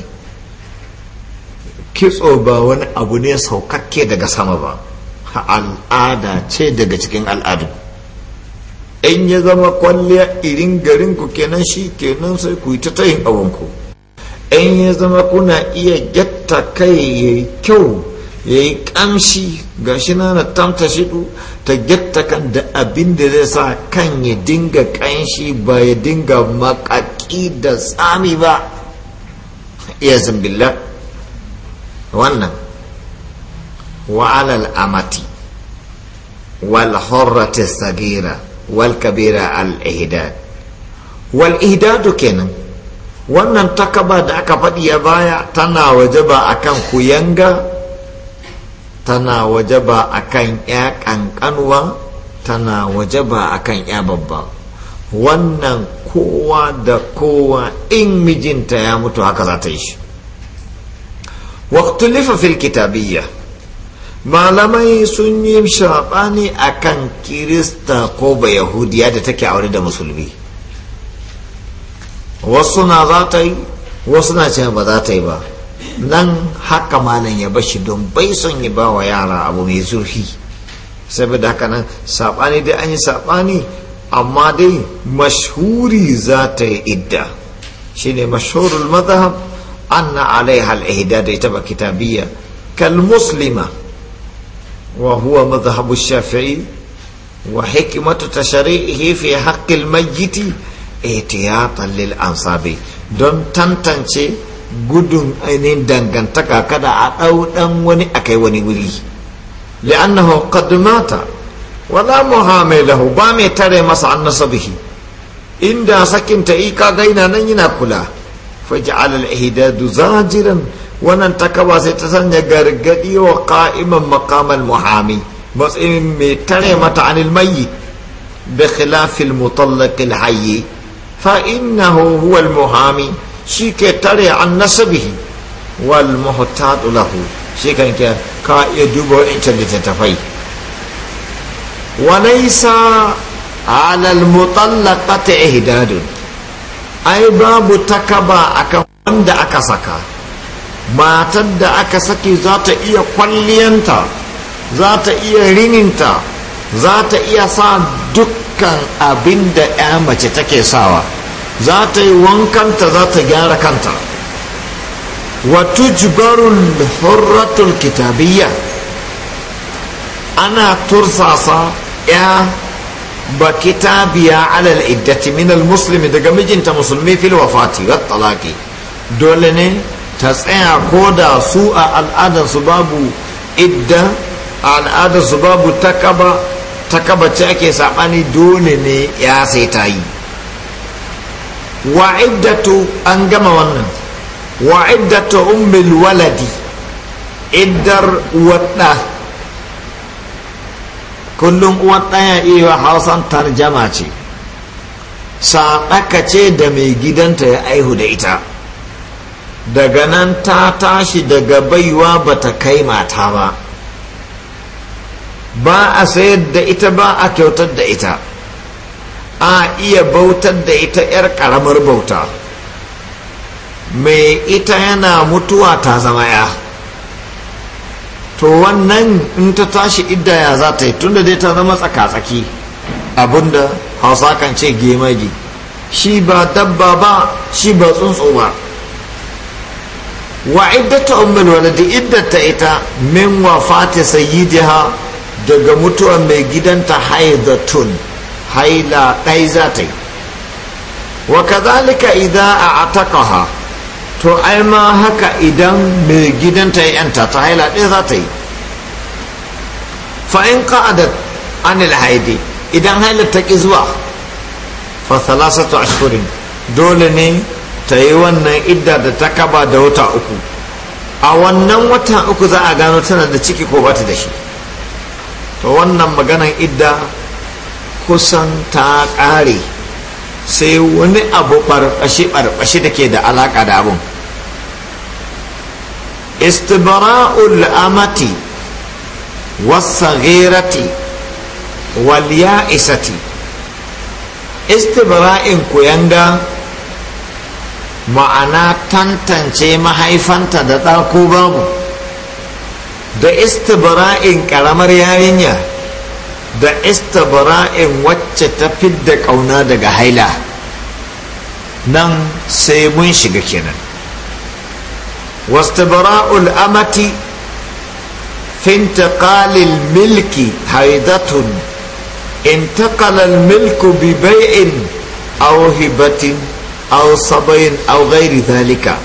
kitso ba wani abu ne saukakke daga sama ba al'ada ce daga cikin al'adu in ya zama kwalliya irin garin ku kenan shi kenan sai ku yi ta tayin abinku in ya zama kuna iya gyatta kai ya yi kyau ya yi kamshi ga shi na tamta shidu ta gyatta kan da abin da zai sa kan ya dinga kanshi ba ya dinga makaki da tsami ba iya zambilla wannan wa'alal amati wal horrata sagira wal kabira al ihdad wal ihdadu kenan wannan takaba da aka faɗi a baya tana wajaba akan kuyanga tana wajaba akan ya ƙanƙanwa tana wajaba akan ya babba wannan kowa da kowa in mijinta ya mutu haka za ta yi shi waktulifa fil kitabiyya malamai sun yi shabani a kan kirista ko ba yahudiya da take aure da musulmi wasu na za ta yi wasu na cewa ba za ta yi ba nan haka malam ya bashi don bai son yi ba wa yara abu mai zurfi saboda haka nan saɓani dai an yi saɓani amma dai mashhuri za ta yi idda shine mashhurul mazhab anna alaiha alai da ita ba kitabiyya kal muslima وهو مذهب الشافعي وحكمة تشريعه في حق الميت احتياطا للأنصاب دون تنتنشي gudun ainihin dangantaka kada a ɗau ɗan wani a kai wani wuri li'annahu qad mata wala muhamilahu ba mai tare masa an nasabihi inda sakinta ika gaina nan yana kula faj'al alal ihdadu zajiran wannan takaba sai ta sanya gargadi wa ka'iman makamal muhami matsayin mai tare mata anil mayyit bi khilafil mutallaqil hayy fa innahu huwa al muhami ke tare an nasabihi wal muhtad lahu shikan ke ka iya duba wa'incan littattafai wa laysa ala al mutallaqati ihdadun ai babu takaba akan wanda aka saka matar da aka sake za ta iya kwalliyanta za ta iya rininta za ta iya sa dukkan abin da 'ya mace take sawa za ta yi wankanta za ta gyara kanta wato jibarun hurratul kitabiyya ana tursasa 'ya ba kitabiya alal iddati minal musulmi daga mijinta musulmi fil wafati wa talaki dole ne ta tsaya ko da su a al'adarsu babu idan a al'adarsu babu takaba ake saɓani dole ne ya sai ta yi wa an gama wannan wa iddatu waladi iddar wadda kullum uwar ɗaya iya hausan tarjama ce saɗaka ce da mai gidanta ya aihu da ita daga nan ta tashi daga baiwa ba ta kai mata ba ba a sayar da ita ba a kyautar da ita a iya bautar da ita 'yar karamar bauta mai ita yana mutuwa ta zama ya to wannan in ta tashi idda ya za ta yi tunda dai ta zama tsaka-tsaki abinda hausa kan ce gemaji shi ba dabba ba shi ba tsuntsu ba wa iddatu ummul waladi iddata ita min wafati sayyidiha daga mutuwar mai gidanta haidatun haila ɗai za ta yi wa kazalika idan a atakaha to ai ma haka idan mai gidanta ya yanta ta haila ɗaya za ta yi fa'in ka'adat anil haidi idan haila ta ƙi zuwa fa salasatu ashirin dole ne ta yi wannan idda da ta kaba da wata uku a wannan wata uku za a gano tana da ciki ko bata da shi to wannan maganan idda kusan ta ƙare sai wani abu ɓarɓashe-ɓarɓashe da ke da alaƙa da abun istibara'ul amati wasagirati wal ya'isati istibara'in kuyanga ma'ana tantance mahaifanta da ɗa ko babu da istibra'in ƙaramar yarinya da istibra'in wacce ta fidda ƙauna daga haila nan sai mun shiga kenan wastibra'ul amati فانتقال milki haidatun انتقل الملك ببيع أو هبة أو صبي أو غير ذلك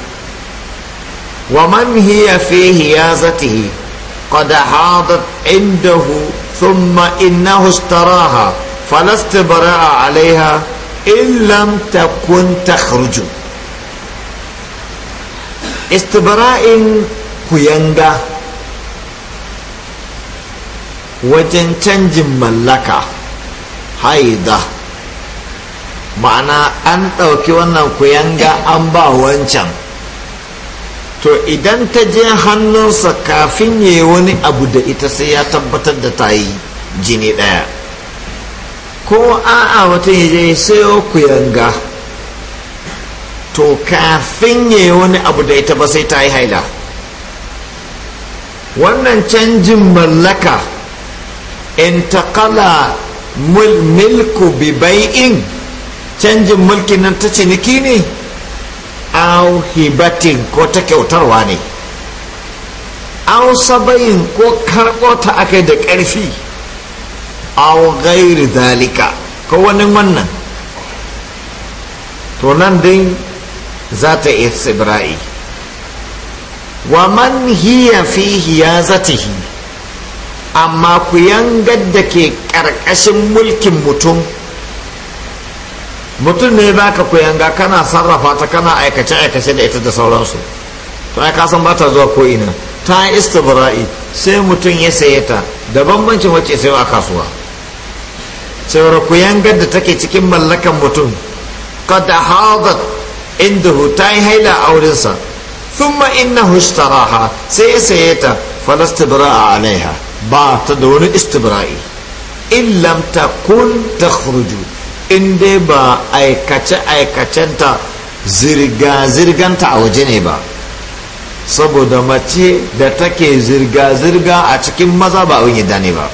ومن هي في هيازته قد حاضت عنده ثم إنه اشتراها فلا براء عليها إن لم تكن تخرج استبراء كينغا وجن تنجم ملكة هيدا ma'ana an ɗauki wannan kuyanga an ba wancan to idan ta je hannunsa kafin ya yi wani abu da ita sai ya tabbatar da ta yi jini ɗaya ko a'a wata ya je sayo kuyanga to kafin ya yi wani abu da ita ba sai ta yi haila wannan canjin mallaka in taƙala milku bi bai'in canjin mulkin nan ta ciniki ne au hibatin ko ta kyautarwa ne au sabayin ko karɓo ta aka da ƙarfi au gairi zalika ko wani wannan to nan dai za ta iya tsibirai wa man hiya fi hiyazatihi amma ku yangar da ke ƙarƙashin mulkin mutum mutum ne ba ka kuyanga kana sarrafa ta kana aikace-aikace da ita da sauransu to ai kasan ba ta zuwa ko'ina ta istibra'i sai mutum ya saye ta da bambancin wacce sai a kasuwa cewar kuyangar da take cikin mallakan mutum kada hadat indahu ta yi haila a wurinsa thumma innahu ishtaraha sai ya saye ta falastibra'a alaiha ba ta da wani istibra'i in lam takun takhruju in dai ba aikace-aikacenta zirga-zirganta a waje ne ba saboda mace da take zirga-zirga a cikin maza ba abin da ne ba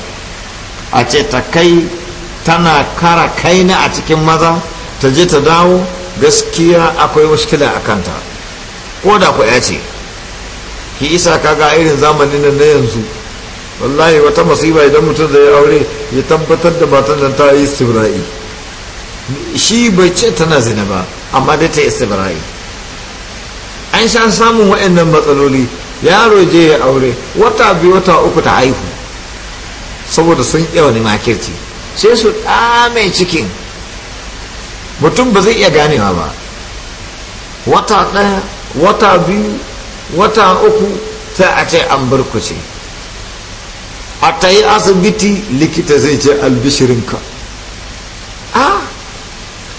a ce ta kai tana kara kai kaina a cikin maza ta je ta dawo gaskiya akwai mashkila a kanta ko da ku ya ce ki isa kaga irin zamanin nan na yanzu wallahi wata masiba idan mutum zai aure ya tabbatar da matan da ta yi istibra'i shi bai ce tana zina ba amma dai ta isa birayi an sha samun waɗannan matsaloli yaro je ya aure wata biyu wata uku ta haihu saboda sun iya wani makirci sai su damai cikin mutum ba zai iya ganewa ba wata ɗaya wata biyu wata uku ta a ce an burkuce a ta yi asibiti likita zai ce albishirinka a ah!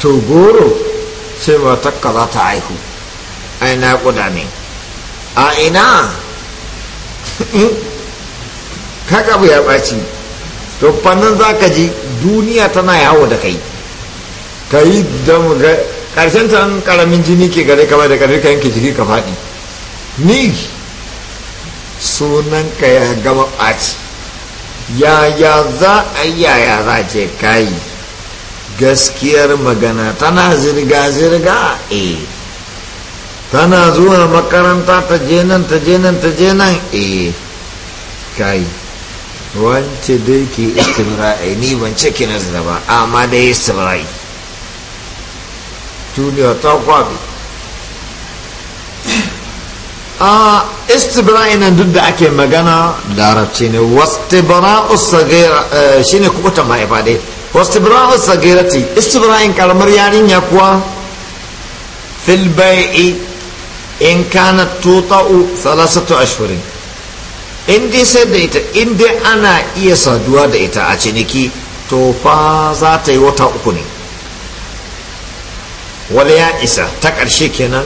to goro sai matakka za ta aihu ai ya kuda ne a ina kaga bu ya ɓaci to fannin za ka ji duniya tana yawo da kai ka yi ga karshen ta karamin jini ke gare kama da kare ka yanke jiki ka faɗi ni sunan ka ya gama ɓaci yaya za a yaya za ce kayi gaskiyar magana tana zirga-zirga e tana zuwa makaranta ta jenan ta jenan ta jenan e eh. kai wance dai ke istimra'i ni ban ce ki nazara ba amma dai istimra'i tuniya ta kwabi a istibra'i nan duk da ake magana larabci ne wasu tibara usagira eh, shi ne kubutan ma'ifa dai wastibra'u sagirati istibra'in karamar yarinya kuwa fil bai'i in kana tuta'u salasatu in dai sai da ita in dai ana iya saduwa da ita a ciniki to fa za ta yi wata uku ne wala isa ta ƙarshe kenan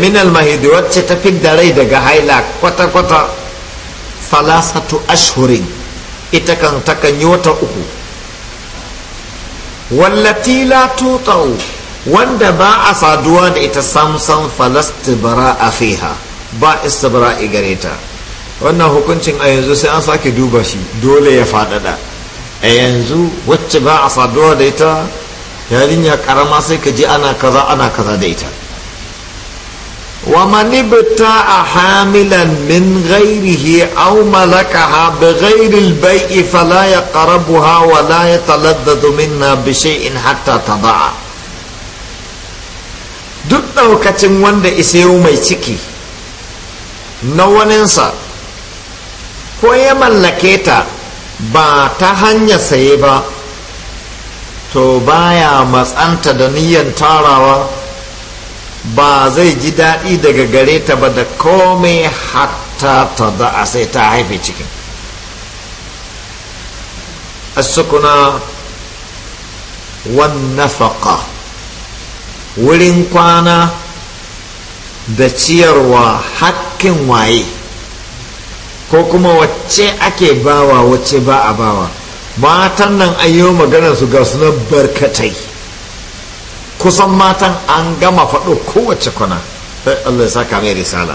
min almahidi wacce ta da rai daga haila kwata-kwata falasatu ashhurin ita kan takan yi wata uku wallati la tutau wanda ba a saduwa da ita samsan falastibara a fiha ba istibara a gare wannan hukuncin a yanzu sai an sake duba shi dole ya faɗaɗa a yanzu wacce ba a saduwa da ita yarinya karama sai ka ji ana kaza ana kaza da ita ومن ابتاع حاملا من غيره أو ملكها بغير البيع فلا يقربها ولا يتلذذ منا بشيء حتى تضع duk ɗaukacin wanda isayo mai ciki na waninsa ko ya mallake ta ba ta hanyar saye ba to baya matsanta da niyyar tarawa ba zai ji daɗi daga gare ta ba da komai hatta ta da'a sai ta haife cikin asukuna wannafaka wurin kwana da ciyarwa hakkin waye ko kuma wacce ake bawa wacce ba a bawa matan nan ayyo maganar su ga sunan barkatai kusan matan an gama faɗo kowace kuna sai Allah ya saka mai risala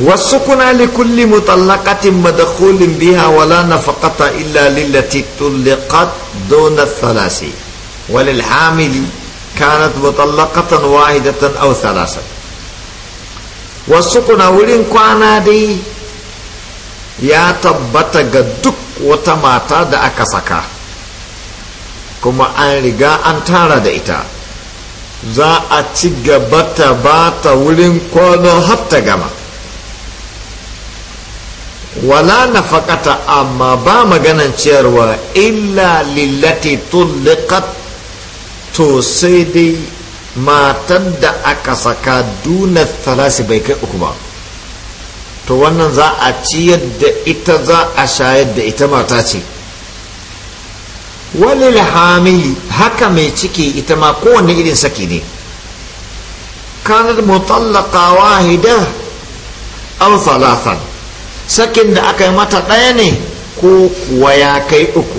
wasu kuna li kulli mutallaqatin madkhulin biha wala nafaqata illa lillati tulliqat duna thalasi walil hamili kanat mutallaqatan wahidatan aw thalasa wasu kuna wurin kwana dai ya tabbata ga duk wata mata da aka saka kuma an riga an tara da ita za a ci gaba ta ba ta wurin kwanon hafta ta gama wala nafaqata amma ba maganan ciyarwa illa lillati tulliqat to sai dai matan da aka saka duna talasi bai kai uku ba to wannan za a ciyar da ita za a shayar da ita mata ce wani hamili haka mai ciki ita ma kowane irin saki ne kanar mutallaka wahida aw salasan sakin da aka yi mata ɗaya ne ko kuwa ya kai uku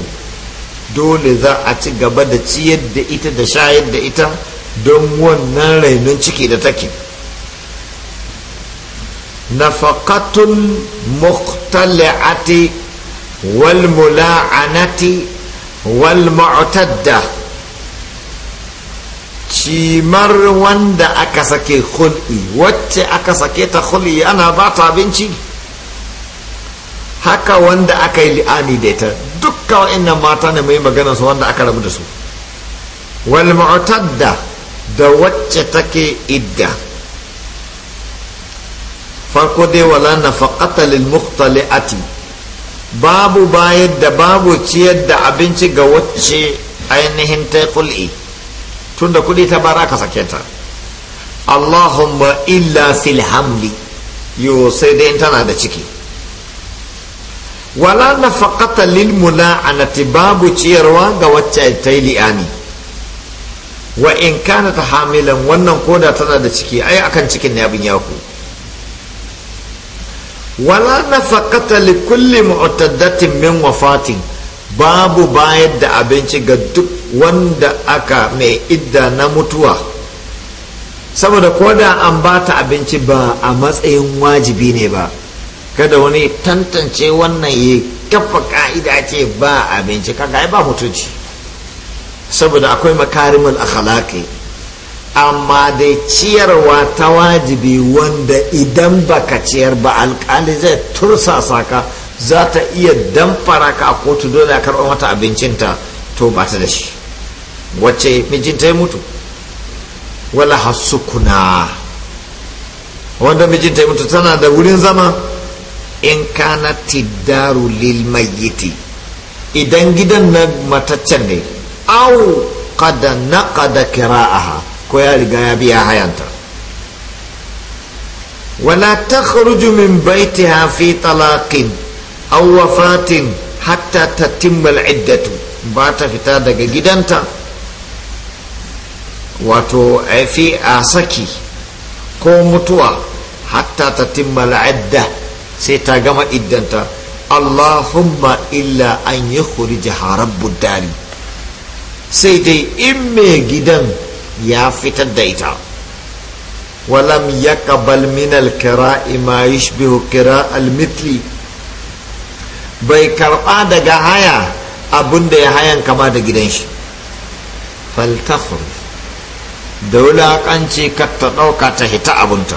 dole za a ci gaba da ciyar da ita da shayar da ita don wannan rainon ciki da take muktali ati wal mula'anati wal cimar wanda aka sake hul'i wacce aka sake ta hul'i ana ba ta abinci haka wanda aka yi li'ani da ita dukka wa'annan mata ne mai magana su wanda aka rabu da su wal da wacce take idda farko dai wala nafaqata lil muhtali'ati babu bayar da babu ciyar da abinci ga wacce ainihin ta kul'i tun da kuɗi ta bara ka sake ta allahumma illa silhamli hamli yo sai dai tana da ciki wala nafaqata lilmula mula'anati babu ciyarwa ga wacce ta yi li'ani wa in kana ta hamilan wannan koda tana da ciki ai akan cikin ne abin yaku wala nafaqata li kulli mu'taddatin min wafatin babu bayar da abinci ga duk wanda aka mai idda na mutuwa saboda ko da an ba ta abinci ba a matsayin wajibi ne ba kada wani tantance wannan ya kafa ka'ida ce ba abinci kaga ba mutunci saboda akwai makarimul akhlaqi amma dai ciyarwa ta wajibi wanda idan baka ciyar ba alkali zai tursasa ka za ta iya damfara ka a kotu dole a karɓar mata abincinta to ba ta da shi wacce mijinta ya mutu wala hasukuna wanda mijinta ya mutu tana da wurin zama in kana tiddaru lil mayyiti idan gidan na mataccen ne au kada na kada kira'aha ko ya riga ya biya hayanta wala takhruju min baitiha fi talaqin aw wafatin hatta ta al-iddatu ba ta fita daga gidanta wato fi a saki ko mutuwa hatta ta al-idda sai ta gama iddanta allahumma illa an yi hurija harabbun dari sai dai in mai gidan ya fitar da ita walam yaqbal min al-qira'i ma yushbihu qira' al bai karba daga haya abun da ya hayan kama da gidan shi faltakhur da wulaƙanci ka ta ɗauka ta hita abunta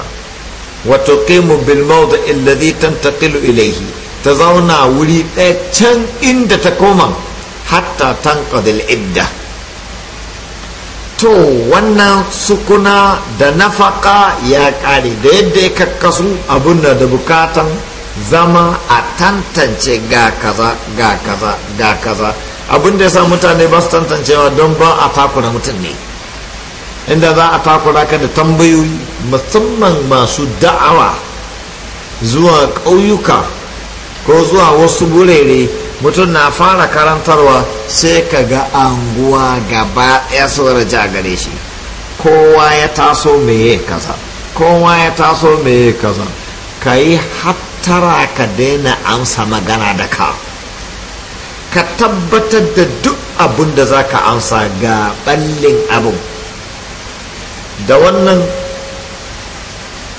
wato qimu bil da alladhi tantaqilu ilaihi ta zauna wuri ɗaya can inda ta koma hatta tanqadil idda to wannan sukuna da nafaka ya kare da yadda ya kakkasu abin da bukatan zama a tantance ga kaza ga kaza ga kaza abin da ya sa mutane ba su tantancewa don ba a takura mutum ne inda za a takura ka da tambayoyi musamman masu da'awa zuwa ƙauyuka ko zuwa wasu gurere mutum na fara karantarwa sai ka ga anguwa gaba ya sun raja gare shi kowa ya taso yi kaza kowa ya taso yi kaza ka yi hattara ka daina amsa magana da ka ka tabbatar da duk abin da za ka amsa ga ɓallin abin da wannan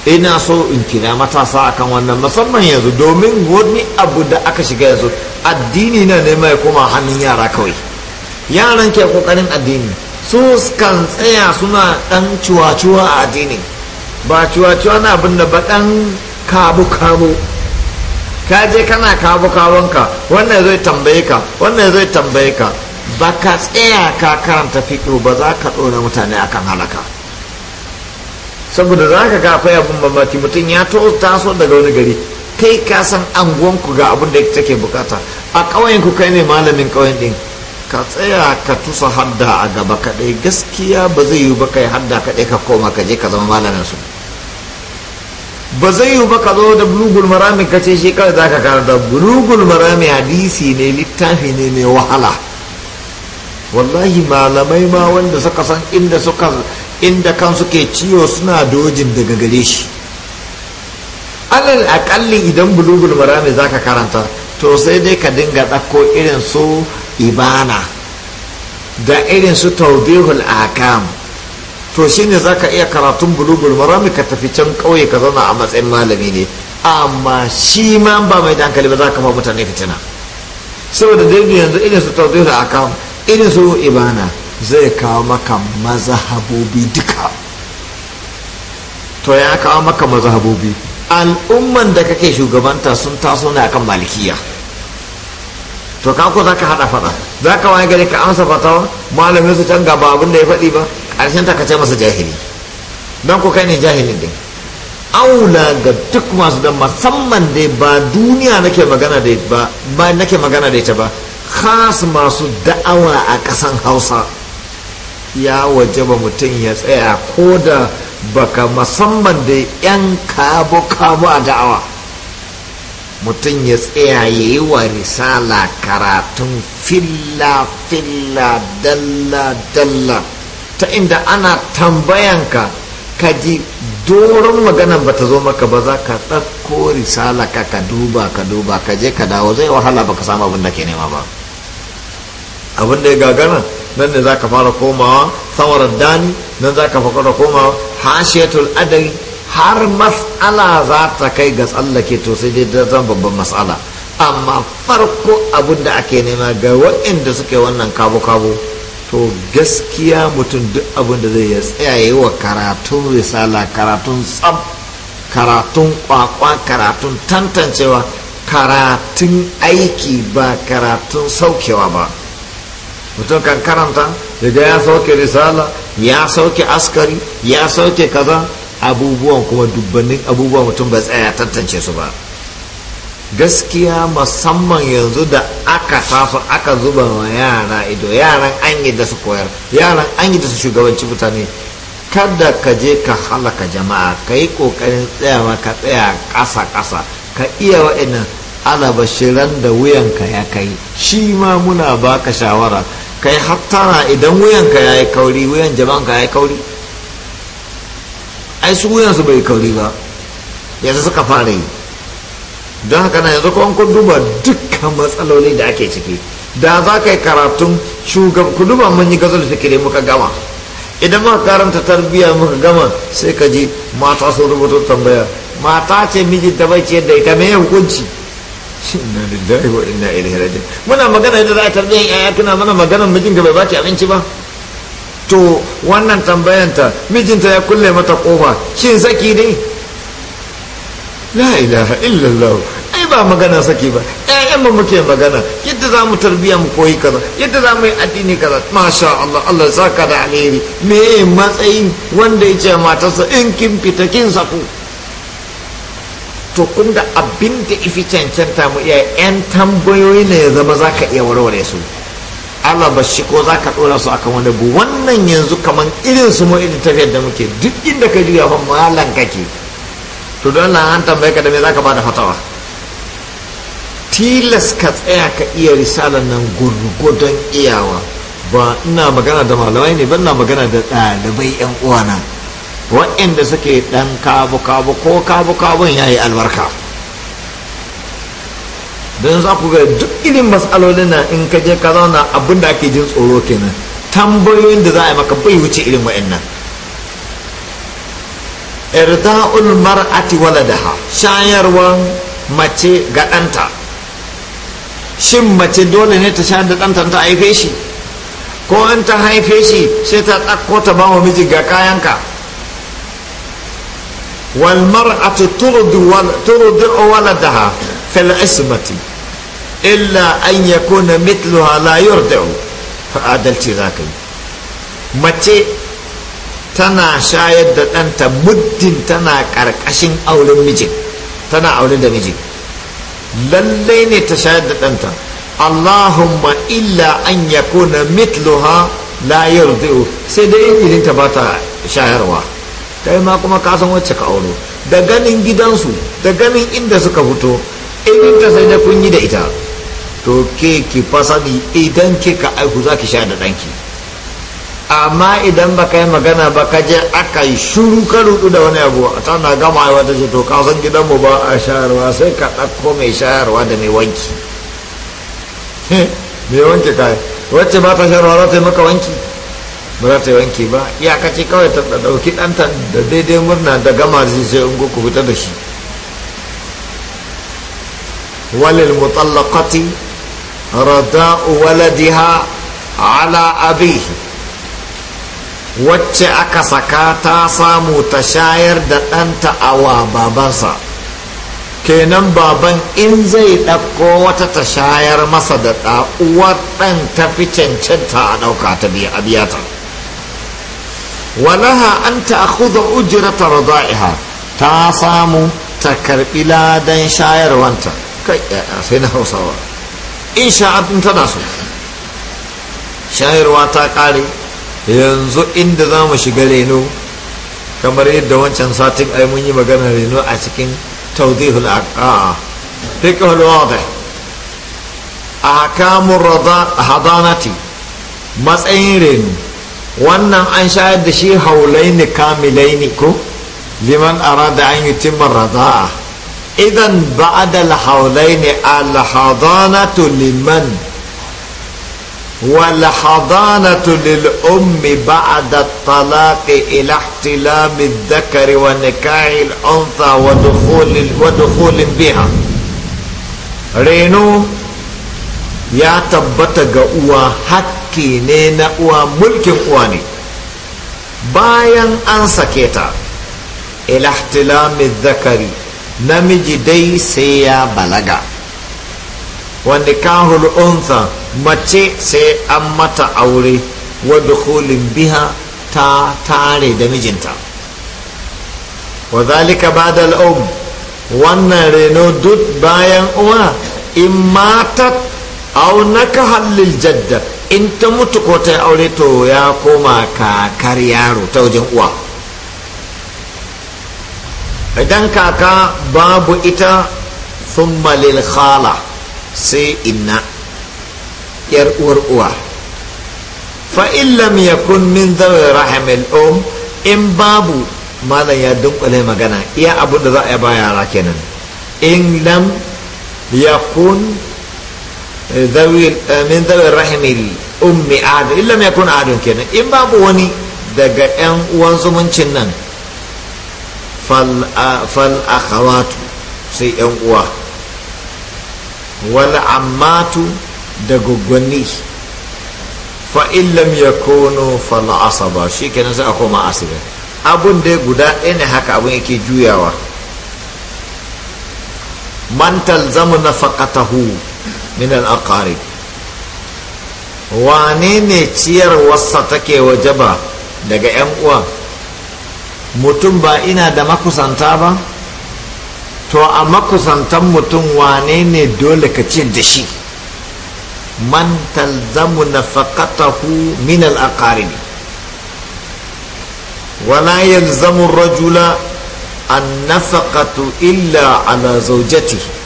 ina so in kira matasa akan wannan musamman yanzu domin wani abu da aka shiga yanzu addini na nema ya koma hannun yara kawai yaran ke kokarin addini su kan tsaya suna dan cuwa a addini ba cuwa-cuwa na abin da ba dan kabu-kabu ka je kana kabu-kabunka wannan zai tambaye ka wannan zai tambaye ka ba ka tsaya ka karanta fiƙo ba za ka ɗora mutane akan halaka saboda za ka ya bin mamaki mutum ya taso daga wani gari kai ka san anguwanku ga abin da take bukata a ku kai ne malamin ƙauyen din ka tsaya ka tusa hadda a gaba kaɗai gaskiya ba zai yiwu ba kai hadda kaɗai ka koma ka je ka zama malamin su ba zai yiwu ba ka zo da bulugul marami ka ce shi kawai za ka kara da bulugul marami hadisi ne littafi ne mai wahala wallahi malamai ma wanda suka san inda suka inda kan suke ciwo suna dojin daga gare shi alal akalli idan bulugul marami za ka karanta to sai dai ka dinga ɗauko irin su ibana da irin su taubihul akam to shine za ka iya karatun bulugul marami ka tafi can ƙauye ka zauna a matsayin malami ne amma shi ma ba mai dankali ba za ka fa mutane fitina saboda dai-dai yanzu irin su taubihul akam irin su ibana zai kawo maka mazahabobi duka to ya kawo maka mazahabobi al'umman da kake shugabanta sun taso ne akan malikiya to ka ko zaka hada fada zaka wani gari ka amsa fatawa malamin su can gaba abin da ya faɗi ba karshen ta ka masa jahili dan ko kai ne jahilin din aula ga duk masu da musamman dai ba duniya nake magana da ba nake magana da ita ba khas masu da'awa a kasan hausa ya waje wajaba mutum ya tsaya ko da baka musamman da 'yan kabo-kabo a da'awa mutum ya tsaya ya yi wa risala karatun filla-filla dalla-dalla ta inda ana tambayanka ka ji doron maganan ba ta zo maka ba za ka ɗauko risala ka ka duba ka duba ka je ka dawo zai wahala ba ka samu abin da ke nema ba abin da ya gagana nan ne zaka fara komawa tsawarar dani nan zaka fara komawa hashiyatul adari har mas'ala za ta kai ga tsallake to sai dai da zan babban mas'ala amma farko abin da ake nema ga waɗanda suke wannan kabo-kabo to gaskiya mutum duk abun da zai tsaya yi wa karatun risala karatun tsab karatun kwakwa karatun tantancewa karatun aiki ba karatun saukewa ba mutum kan karanta daga ya sauke risala ya sauke askari ya sauke kaza abubuwan kuma dubbanin abubuwan mutum ba tsaya tantance su ba gaskiya musamman yanzu da aka sasu aka zuba wa yara ido yaran an yi da su koyar yaran an yi da su shugabanci mutane kada ka je ka halaka jama'a ka yi ƙoƙarin tsayawa ka tsaya ƙasa-ƙasa ka iya waɗannan. ana bashiran da wuyanka ya kai shi ma muna baka shawara kai hattara idan wuyanka ya yi kauri wuyan jamanka ya yi kauri ai su wuyansu bai kauri ba yanzu suka fara yi don haka na yanzu kuma kun duba dukkan matsaloli da ake ciki da za ka yi karatun shugab ku duba mun yi gazal fikiri muka gama idan muka karanta tarbiyya muka gama sai ka ji mata sun rubuta tambaya mata ce miji ta ce da ita me hukunci inna lillahi wa inna ilaihi raji'un muna magana yadda za a tarbiyyar yaya kina mana magana mijin gaba ba baki abinci ba to wannan tambayanta mijinta ya kulle mata kofa shi saki ne la ilaha illallah ai ba magana saki ba yayan mu muke magana yadda za mu tarbiyya mu koyi kaza yadda za mu yi addini kaza masha Allah Allah saka da alheri me matsayin wanda ya ce matarsa in kin fita kin saku to kun da abin da ifi cancanta mu iya yan tambayoyi ne ya zama za ka iya warware su Allah ba shi ko za ka ɗora su akan wani bu wannan yanzu kamar irin su mu irin tafiyar da muke duk inda ka juya fa malan kake to don nan an tambaye ka da me za ka ba da fatawa tilas ka tsaya ka iya risalar nan gurgudon iyawa ba ina magana da malamai ne ba ina magana da ɗalibai yan uwana waɗanda suke ɗan kabu-kabu ko kabu-kabun ya yi albarka don za ku ga duk irin matsalolin na in ka je ka zauna abin da ake jin tsoro kenan tambayoyin da za a yi maka bai wuce irin waɗannan irda'ul mar'ati waladaha shayarwan mace ga ɗanta shin mace dole ne ta shayar da ɗanta ta haife shi ko in ta haife shi sai ta ɗakko ta ba wa miji ga kayanka والمرأة ترضع ولدها في العصمة إلا أن يكون مثلها لا يرضع فأدلت ذاك متي تنا شايد أنت مد تنا كركشين أو لمجي تنا أو لمجي للين تشايد أنت اللهم إلا أن يكون مثلها لا يرضع سيدي إنت باتا شاهر واحد kai ma kuma ka san wacce ka auro da ganin gidansu da ganin inda suka fito irin ta sai da kun yi da ita to ke ki fasadi idan ka aiku za ki sha da ɗanki amma idan ba ka yi magana ba ka je aka yi shuru ka rudu da wani abu tana gama aiwa ta ce to ka san gidanmu ba a shayarwa sai ka ɗauko mai shayarwa da mai wanki mai wanki kai wacce ba ta shayarwa za ta yi maka wanki ba ta yi wanke ba ya iyakaci kawai ta ɗauki ɗanta da daidai murna da gama zai sai ungo ku fita da shi walil mutallaqati rada'u waladiha ala abihi wacce aka saka ta samu ta shayar da ɗanta wa babansa kenan baban in zai ɗauko wata ta shayar masa da ɗa'uwar ɗan tafi cancanta a ɗauka ta biya ta walaha an ta'khudha ujirata raza'iha ta samu ta karbi ladan shayarwanta kai sai na hausawa in sha'atun tana so shayarwa ta kare yanzu inda za mu shiga reno kamar yadda wancan satin ai mun yi magana reno a cikin tawdihul aqa fiqhul wadih ahkamur hadanati matsayin reno wannan an shayar da shi haulaini kamilaini ko liman arada an yutimma rada'a idan ba'da al-haulaini al-hadanatu liman والحضانة للأم بعد الطلاق إلى احتلام الذكر ونكاح الأنثى ودخول ودخول بها رينو يا تبت جوا حتى haƙƙi ne na uwa mulkin uwa ne bayan an sake ta ilahtilami zakari namiji dai sai ya balaga wanda kahul unsa mace sai an mata aure wadda kolin biha ta tare da mijinta wa zalika ba da um, wannan reno duk bayan uwa in matat au naka hallil jaddat in ta mutu ko ta aure to ya koma kakar yaro ta wajen uwa idan kaka babu ita thumma lil khala sai inna yar uwar uwa fa in lam yakun min dhawi rahimil um in babu malam ya dunkule magana iya abu da za a ba yara kenan in lam yakun min zawi rahimin ummi adam illa ya kun adam kenan in babu wani daga yan uwan zumuncin nan fal akhawatu sai yan uwa wal ammatu da gugunni fa illam yakunu fal asaba shikenan sai akoma asiba abun da guda ɗaya haka abun yake juyawa man talzamu nafaqatahu min al-aqarib wane ne ciyarwarsa take wajaba daga 'yan uwa mutum ba ina da makusanta ba to a makusantan mutum wane ne dole ka ce da shi man talzamu nafaqatahu min al-aqarib wala yalzamu rajula an illa ala zaujatihi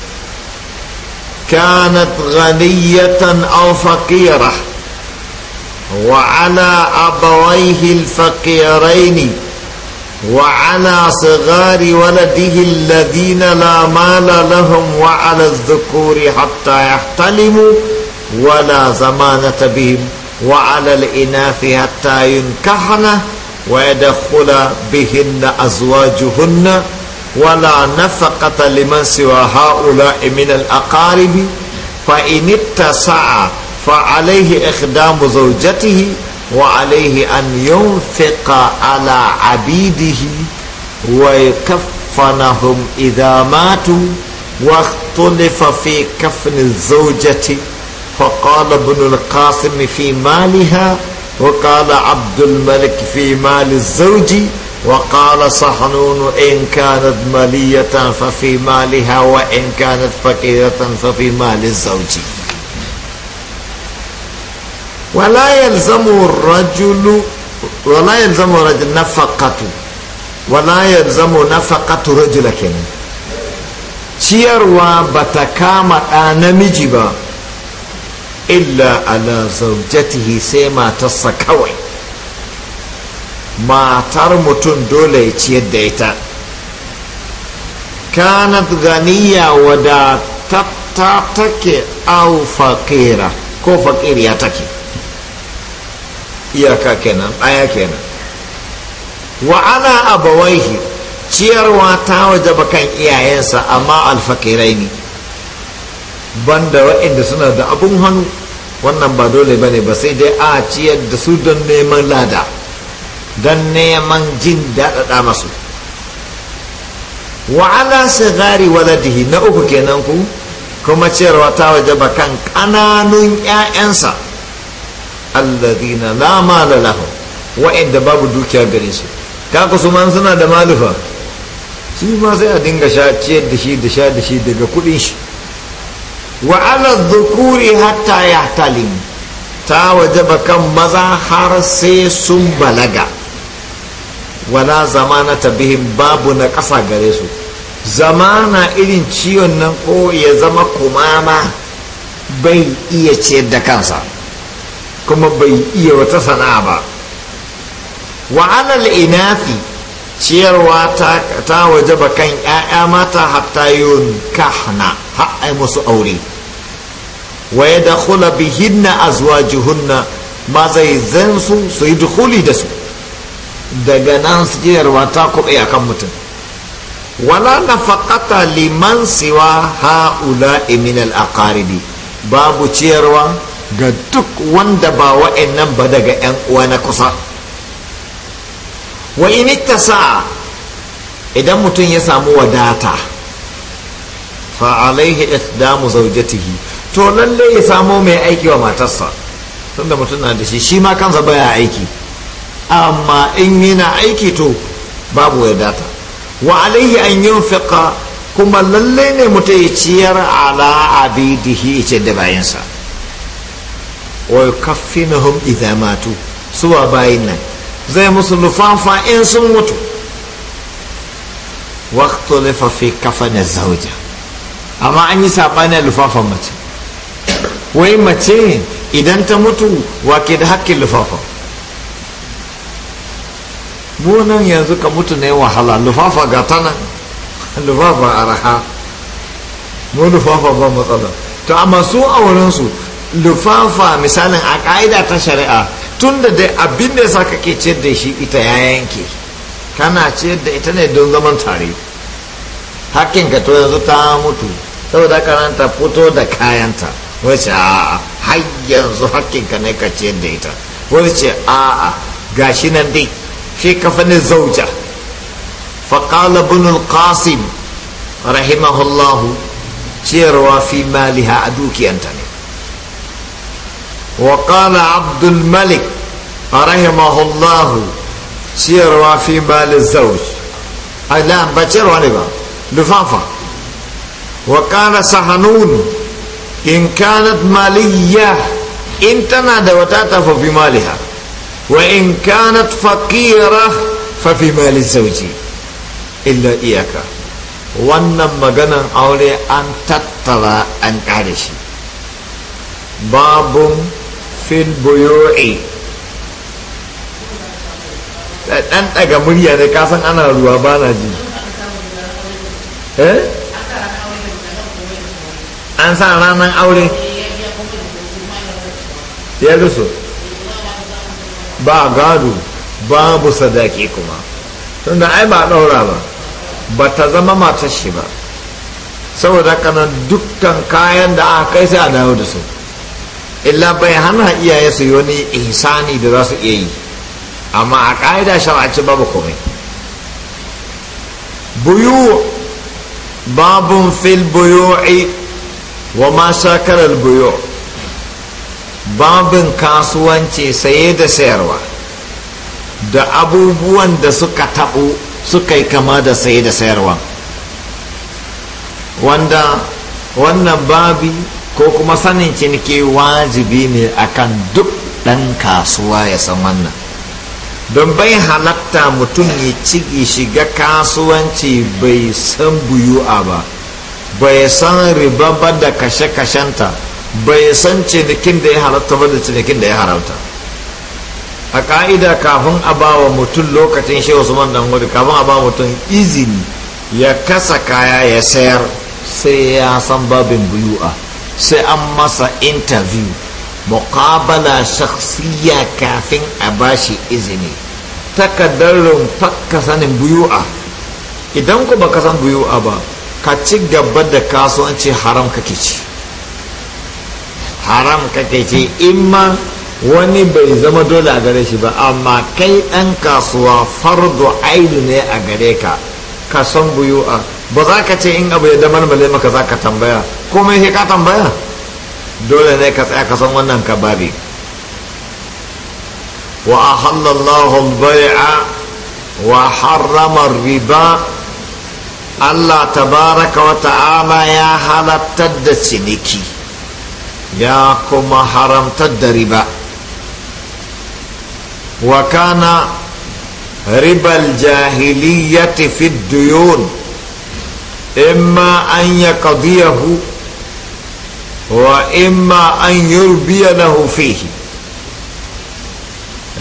كانت غنية أو فقيرة وعلى أبويه الفقيرين وعلى صغار ولده الذين لا مال لهم وعلى الذكور حتى يحتلموا ولا زمانة بهم وعلى الإناث حتى ينكحن ويدخل بهن أزواجهن ولا نفقة لمن سوى هؤلاء من الأقارب فإن اتسع فعليه إخدام زوجته وعليه أن ينفق على عبيده ويكفنهم إذا ماتوا واختلف في كفن الزوجة فقال ابن القاسم في مالها وقال عبد الملك في مال الزوج وقال صحنون إن كانت مالية ففي مالها وإن كانت فقيرة ففي مال الزوج ولا يلزم الرجل ولا يلزم الرجل نفقة ولا يلزم نفقة رجل كنا ciyarwa ba ta kama ɗa namiji ba illa ala zaujatihi sai matarsa kawai matar mutum dole ya ciyar da ita kanat ganiya ta take au faƙira ko faƙiriya take iyaka kenan ɗaya kenan wa ana abawaihi ciyarwa ta waje bakan iyayensa amma alfakirai ne banda waɗanda suna da abun hannu wannan ba dole ba ne ba sai dai a ciyar da su don neman lada don neman jin daɗaɗa masu wa'ala sigari waladihi na uku kenan ku kuma cewa ta waje kan ƙananun 'ya'yansa alladina la mala lahu wa'inda babu dukiya gare su ka su man suna da malufa su ma sai a dinga sha ciyar da shi da sha da shi daga kuɗin shi wa'ala zukuri hatta ya talin ta waje kan maza har sai sun balaga wala zamana bihin babu na ƙasa gare su zamana irin ciwon nan ko ya zama kumama bai iya ciyar da kansa kuma bai iya wata sana'a ba wa alal inafi ciyarwa ta, ta waje ba kan 'ya'ya mata hatta yun kahna ha'ai musu aure wa ya da bihinna azwajuhunna ma zai zan su su yi dukuli da su daga nan sijiyarwa ta kuɓe a kan mutum wala faƙata liman siwa ha'ula Iminal al babu ciyarwa ga duk wanda ba wa'annan ba daga 'yan uwa na kusa wa in sa idan mutum ya samu wadata fa alaihi ikhdamu zaujatihi to lalle ya samu mai aiki wa matarsa tunda mutum na da shi shi ma kansa baya aiki amma in yana aiki to babu wadata wa alaihi an yin fiƙa kuma lalle ne mutu ya ciyar ala abidihi ce da bayansa wa na idza matu suwa bayin nan zai musu nufanfa in sun mutu ne lifa fi na zauja amma an yi ne lufafan mace wai mace idan ta mutu wa da haƙƙin lufafan munan yanzu ka mutu ne wahala lufafa ga ta nan lufafa raha mu lufafa ba matsala to amma su a wurinsu lufafa misalin a ka'ida ta shari'a tun da dai abin da yasa kake ciyar da shi ita ya yanke kana ciyar da ita ne don zaman tare ka to yanzu ta mutu saboda karanta fito da kayanta wace a'a har yanzu hakinka ne ka ciyar da ita wace a'a gashi nan dai في كفن الزوجة فقال ابن القاسم رحمه الله تيروا في مالها عدوك أنتني وقال عبد الملك رحمه الله تيروا في مال الزوج لا بتيروا نبا لفافا وقال سحنون إن كانت مالية إن تنادى وتاتف في مالها وإن كانت فقيرة ففي مال الزوج إلا إياك wannan maganan aure an tattara an ƙare shi babun fil buyu'i ɗan ɗaga murya da kasan ana ruwa ba na ji an sa ranar aure ya rusu ba gado babu sadaki kuma tunda ai ba a ɗaura ba ba ta zama matar shi ba saboda kana dukkan kayan da aka kai sai a dawo da su illa bai hana iyaye su yi wani ihsani da za su iya yi amma a ƙa'ida shawarci babu komai buyu babun fil buyu'i wa ma shakarar buyu' babin kasuwanci saye da sayarwa da abubuwan da suka taɓo suka yi kama da saye da sayarwa wanda wannan babi ko kuma sanin ciniki wajibi ne akan duk ɗan kasuwa ya san wannan don bai halatta mutum ya shiga kasuwanci bai san buyu'a ba bai san riba ba da kashe-kashenta bai san cinikin da ya halatta ba da cinikin da ya haramta a ka'ida kafin a ba wa mutum lokacin shehu usman dan gudu kafin a ba mutum izini ya kasa kaya ya sayar sai ya san babin buyu'a sai an masa interview muqabala shakhsiya kafin a ba shi izini takaddarin fakka sanin buyu'a idan ku ba ka san buyu'a ba ka ci gaba da kasuwanci haram kake ci haram kake ce in ma wani bai zama dole a gare shi ba amma kai ɗan kasuwa fardu aidu ne a gare ka ka san buyu'a ba za ka ce in abu ya damar male maka za ka tambaya komai sai ka tambaya dole ne ka tsaya ka san wannan ka babi wa ahallallahu bai'a wa harrama riba Allah tabaraka wa ta'ala ya halartar da ciniki يا كما حرمت الربا وكان ربا الجاهلية في الديون إما أن يقضيه وإما أن يربي له فيه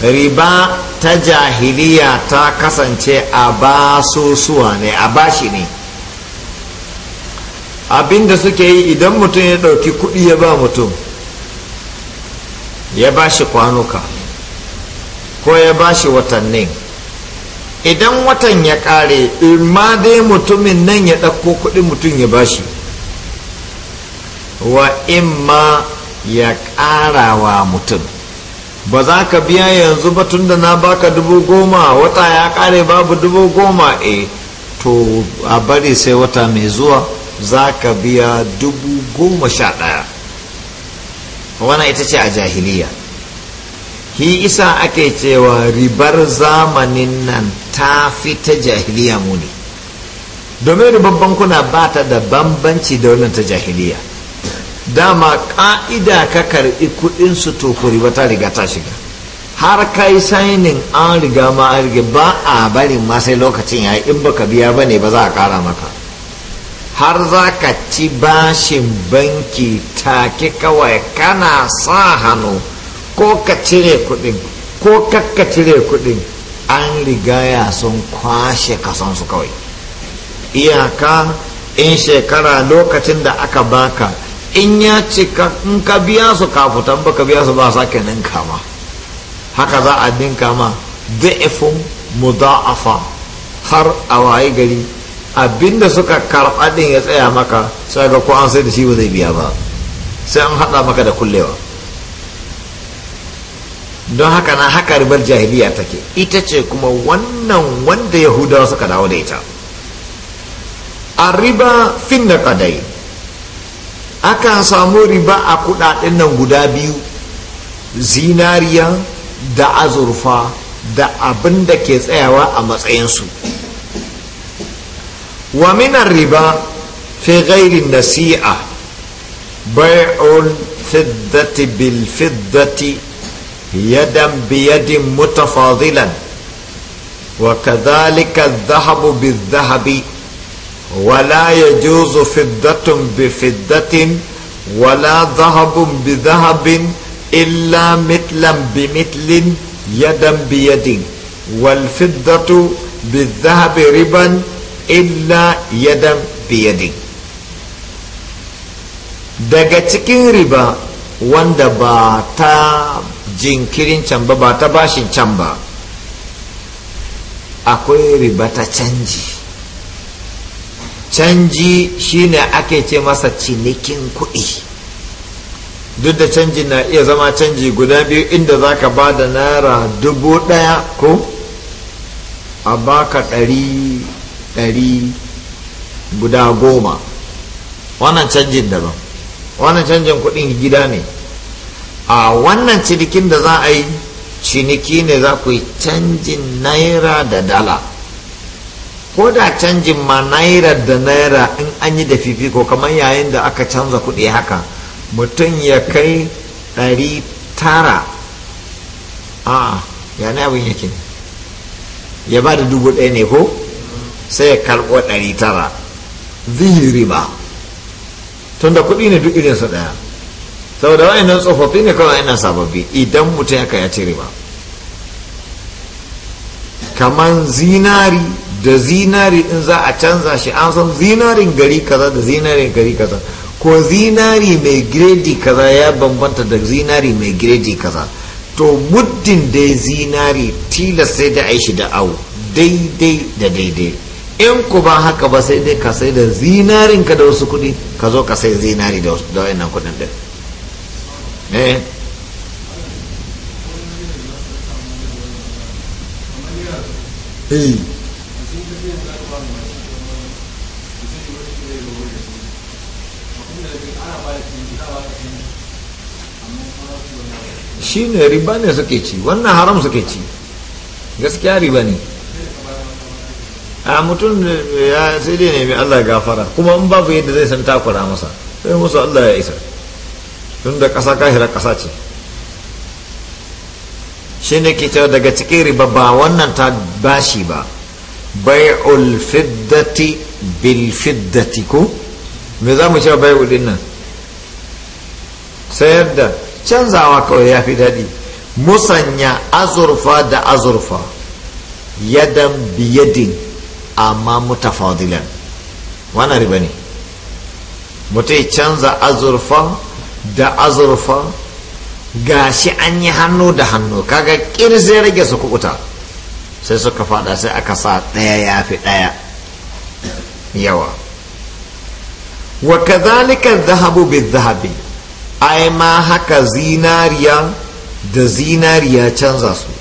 ربا تجاهلية تاكسن شيء أباسو سواني أباشني abinda suke yi idan mutum ya ɗauki kuɗi ya ba mutum ya ba shi kwanuka ko ya ba shi watanni idan watan ya ƙare ma dai mutumin nan ya ɗauko kuɗi mutum ya ba shi wa imma ya ƙara wa mutum ba za ka biya yanzu ba tunda na baka dubu goma wata ya ƙare babu dubu goma e to a bari sai wata mai zuwa za ka biya dubu goma sha ɗaya wana ita ce a jahiliya hi isa ake cewa ribar zamanin nan ta fi ta jahiliya muni domin ribar bankuna ba ta da bambanci da wannan ta jahiliya dama ka'ida ka karɓi kuɗinsu to ku riba ta riga ta shiga har kai sainin an riga ma an riga ba a barin ma sai lokacin ya in baka biya ba ne, ba za a kara maka har za ka ci bashin banki take kawai kana sa hannu ko ka cire kudin ko kakka cire kudin an rigaya sun kwashe kasansu kawai iyaka in shekara lokacin da aka baka in ya cika in ka biya su kafutan baka biya su ba sake ninka kama haka za a ninka ma da'ifin muda'afa har a waye gari abinda suka karɓa ɗin ya tsaya maka sai ga ko an sai da shi ba zai biya ba sai an haɗa maka da kullewa don haka na haka ribar jahiliya take ita ce kuma wannan wanda yahudawa suka dawo da ita a riba fin na kadai aka samu riba a kudaden nan guda biyu zinariya da azurfa da abin da ke tsayawa a matsayinsu ومن الربا في غير النسيئة بيع الفضة بالفضة يدا بيد متفاضلا وكذلك الذهب بالذهب ولا يجوز فضة بفضة ولا ذهب بذهب إلا مثلا بمثل يدا بيد والفضة بالذهب ربا illa yadan biyadin daga cikin riba wanda ba ta jinkirin can ba ba ta bashin can ba akwai riba ta canji canji shine ake ce masa cinikin kuɗi duk da canji na iya zama canji guda biyu inda za ka ba da naira dubu ɗaya ko a baka ɗari ɗari guda goma wannan canjin daban wannan canjin kuɗin gida ne a wannan cinikin da za a yi ciniki ne za ku yi canjin naira da dala ko da canjin ma naira da naira in an yi da fifiko kamar yayin da aka canza kuɗi haka mutum ya kai ɗari tara a yana abin yake ya ba da dubu ɗaya ne ko sai ya karɓo ɗari tara zai riba tun da kuɗi ne duk irinsu ɗaya saboda wa'annan tsofaffi ne kawai ina sababbi idan mutum aka ya ci riba kaman zinari da zinari in za a canza shi an san zinarin gari kaza da zinarin gari kaza ko zinari mai giredi kaza ya bambanta da zinari mai giredi kaza to muddin da zinari tilas sai da aishi da au daidai da daidai in ku ba haka ba sai dai ka sai da zinarin ka da wasu kuɗi ka zo ka sai zinari da wayannan kuɗin din eh shi ne riba ne suke ci wannan haram suke ci gaskiya riba ne a mutum ya sai dai nemi Allah gafara kuma in babu yadda zai san takura masa sai musu Allah ya isa tun da ƙasa kahira kasa ce shi ne ke cewa daga cikin riba ba wannan ta bashi ba bai'ul fiddati bil fiddati ko me za mu cewa bai'ul din nan sayar da canzawa kawai ya fi daɗi musanya azurfa da azurfa yadan biyadin amma mutafadilan wani riba ne mutum canza azurfa da azurfa gashi an yi hannu da hannu kaga zai rage su kukuta sai suka fada sai aka sa ɗaya ya fi ɗaya yawa wa kazalika zahabu bi zahabi ai ma haka zinariya da zinariya canza su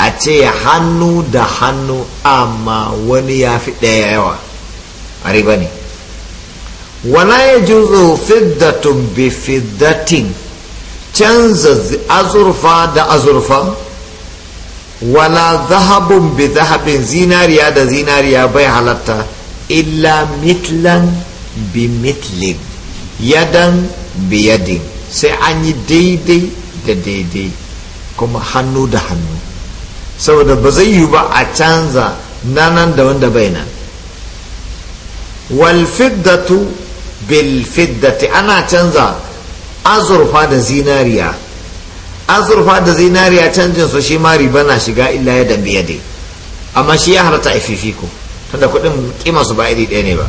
a ce hannu da hannu amma wani ya fi ɗaya yawa a riba ne wala ya juzo fiddatun bi fiddatin canza azurfa da azurfa wala zahabun bi zahabin zinariya da zinariya bai halatta illa mitlan bi mitlin yadan bi yadin sai an yi daidai da daidai kuma hannu da hannu saboda ba zai yi ba a canza na nan da wanda bai nan walfiddatu bilfiddati ana canza azurfa da zinariya azurfa da zinariya canjin su shi ma riba shiga illa ya dambe ya dai amma shi ya harta ififiko tunda kudin kima su ba iri ɗaya ne ba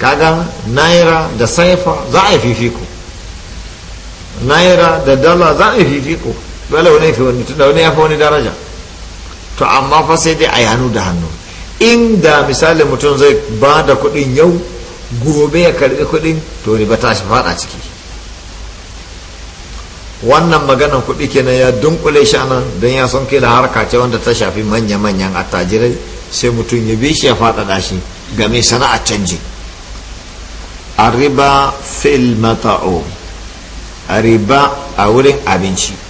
kaga naira da saifa za a ififiko naira da dala za a ififiko dole wani fi wani tunda wani ya fi wani daraja to amma fa sai dai a yi hannu da hannu inda misali mutum zai ba da kuɗin yau gobe ya karɓi kuɗin to riba ta shi faɗa ciki wannan maganan kuɗi kenan ya dunkule shi anan don ya son kai da harka ce wanda ta shafi manya-manyan attajirai sai mutum ya bi shi ya faɗaɗa shi game sana'a canji a riba fil mata'o a a wurin abinci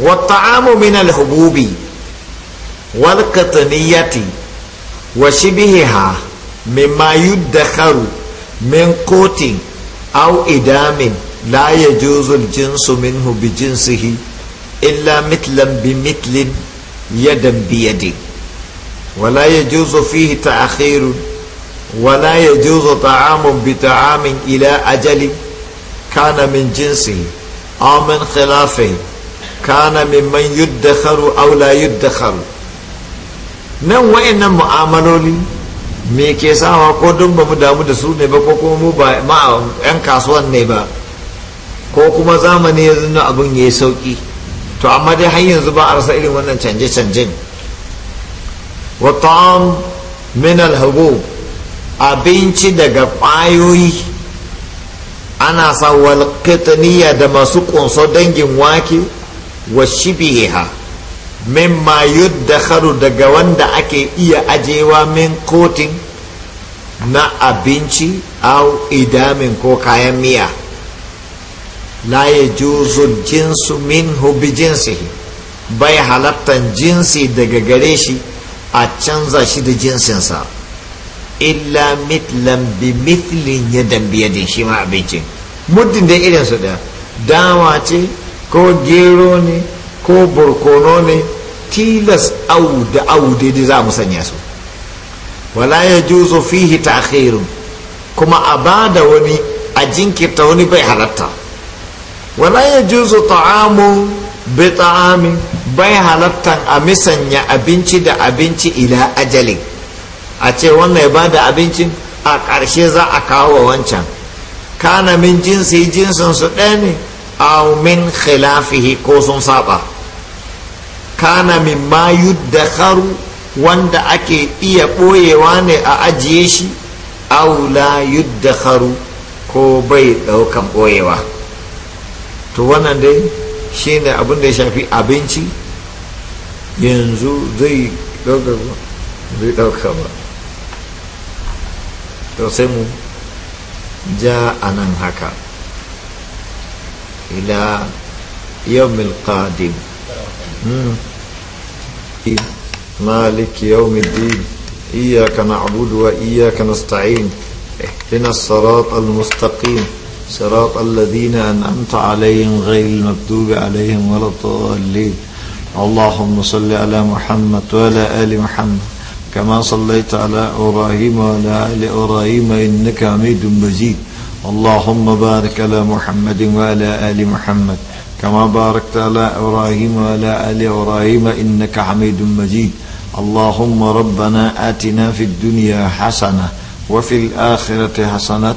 والطعام من الحبوب والقطنية وشبهها مما يدخر من قوت أو إدام لا يجوز الجنس منه بجنسه إلا مثلا بمثل يدا بيد ولا يجوز فيه تأخير ولا يجوز طعام بطعام إلى أجل كان من جنسه أو من خلافه kana mimman yuddakharu aw la yuddakharu nan wayannan mu'amaloli me ke sawa ko don ba mu damu da su ne ba ko kuma mu ba ma yan kasuwan ne ba ko kuma zamani ya zuna abin ya yi sauki to amma dai har yanzu ba a rasa irin wannan canje-canjen wa ta'am min al abinci daga ƙwayoyi ana sa wal da masu ƙunso dangin wake wa shibiha mimma yuddakharu daga wanda ake iya ajewa min kotin na abinci au idamin ko kayan miya la ya juzu jinsu min bi jinsihi bai halattan jinsi daga gare shi a canza shi da jinsinsa illa mitlan bi mitlin ya dambiyadin shi ma abincin muddin da irinsu da dama ce ko gero ne ko burkono ne tilas au da au za mu sanya su wala ya juzo fihi ta'khirun kuma a bada wani a jinkirta wani bai halatta wala ya juzo ta'amu bi ta'amin bai halattan a misanya abinci da abinci ila ajali. a ce wannan ya bada abincin a ƙarshe za a kawo wancan kana min jinsi jinsin su ɗaya ne aw min khilafihi ko sun saba kana mimma yuddakharu wanda ake iya ɓoyewa ne a ajiye shi aw la yuddakharu ko bai ɗaukan ɓoyewa to wannan dai shine abin da ya shafi abinci yanzu zai ba zai ɗauka ba to sai mu ja a nan haka إلى يوم القادم مالك يوم الدين إياك نعبد وإياك نستعين اهدنا الصراط المستقيم صراط الذين أنعمت عليهم غير المكتوب عليهم ولا الضالين اللهم صل على محمد وعلى آل محمد كما صليت على إبراهيم وعلى آل إبراهيم إنك حميد مجيد اللهم بارك على محمد وعلى آل محمد كما باركت على إبراهيم وعلى آل إبراهيم إنك حميد مجيد اللهم ربنا آتنا في الدنيا حسنة وفي الآخرة حسنة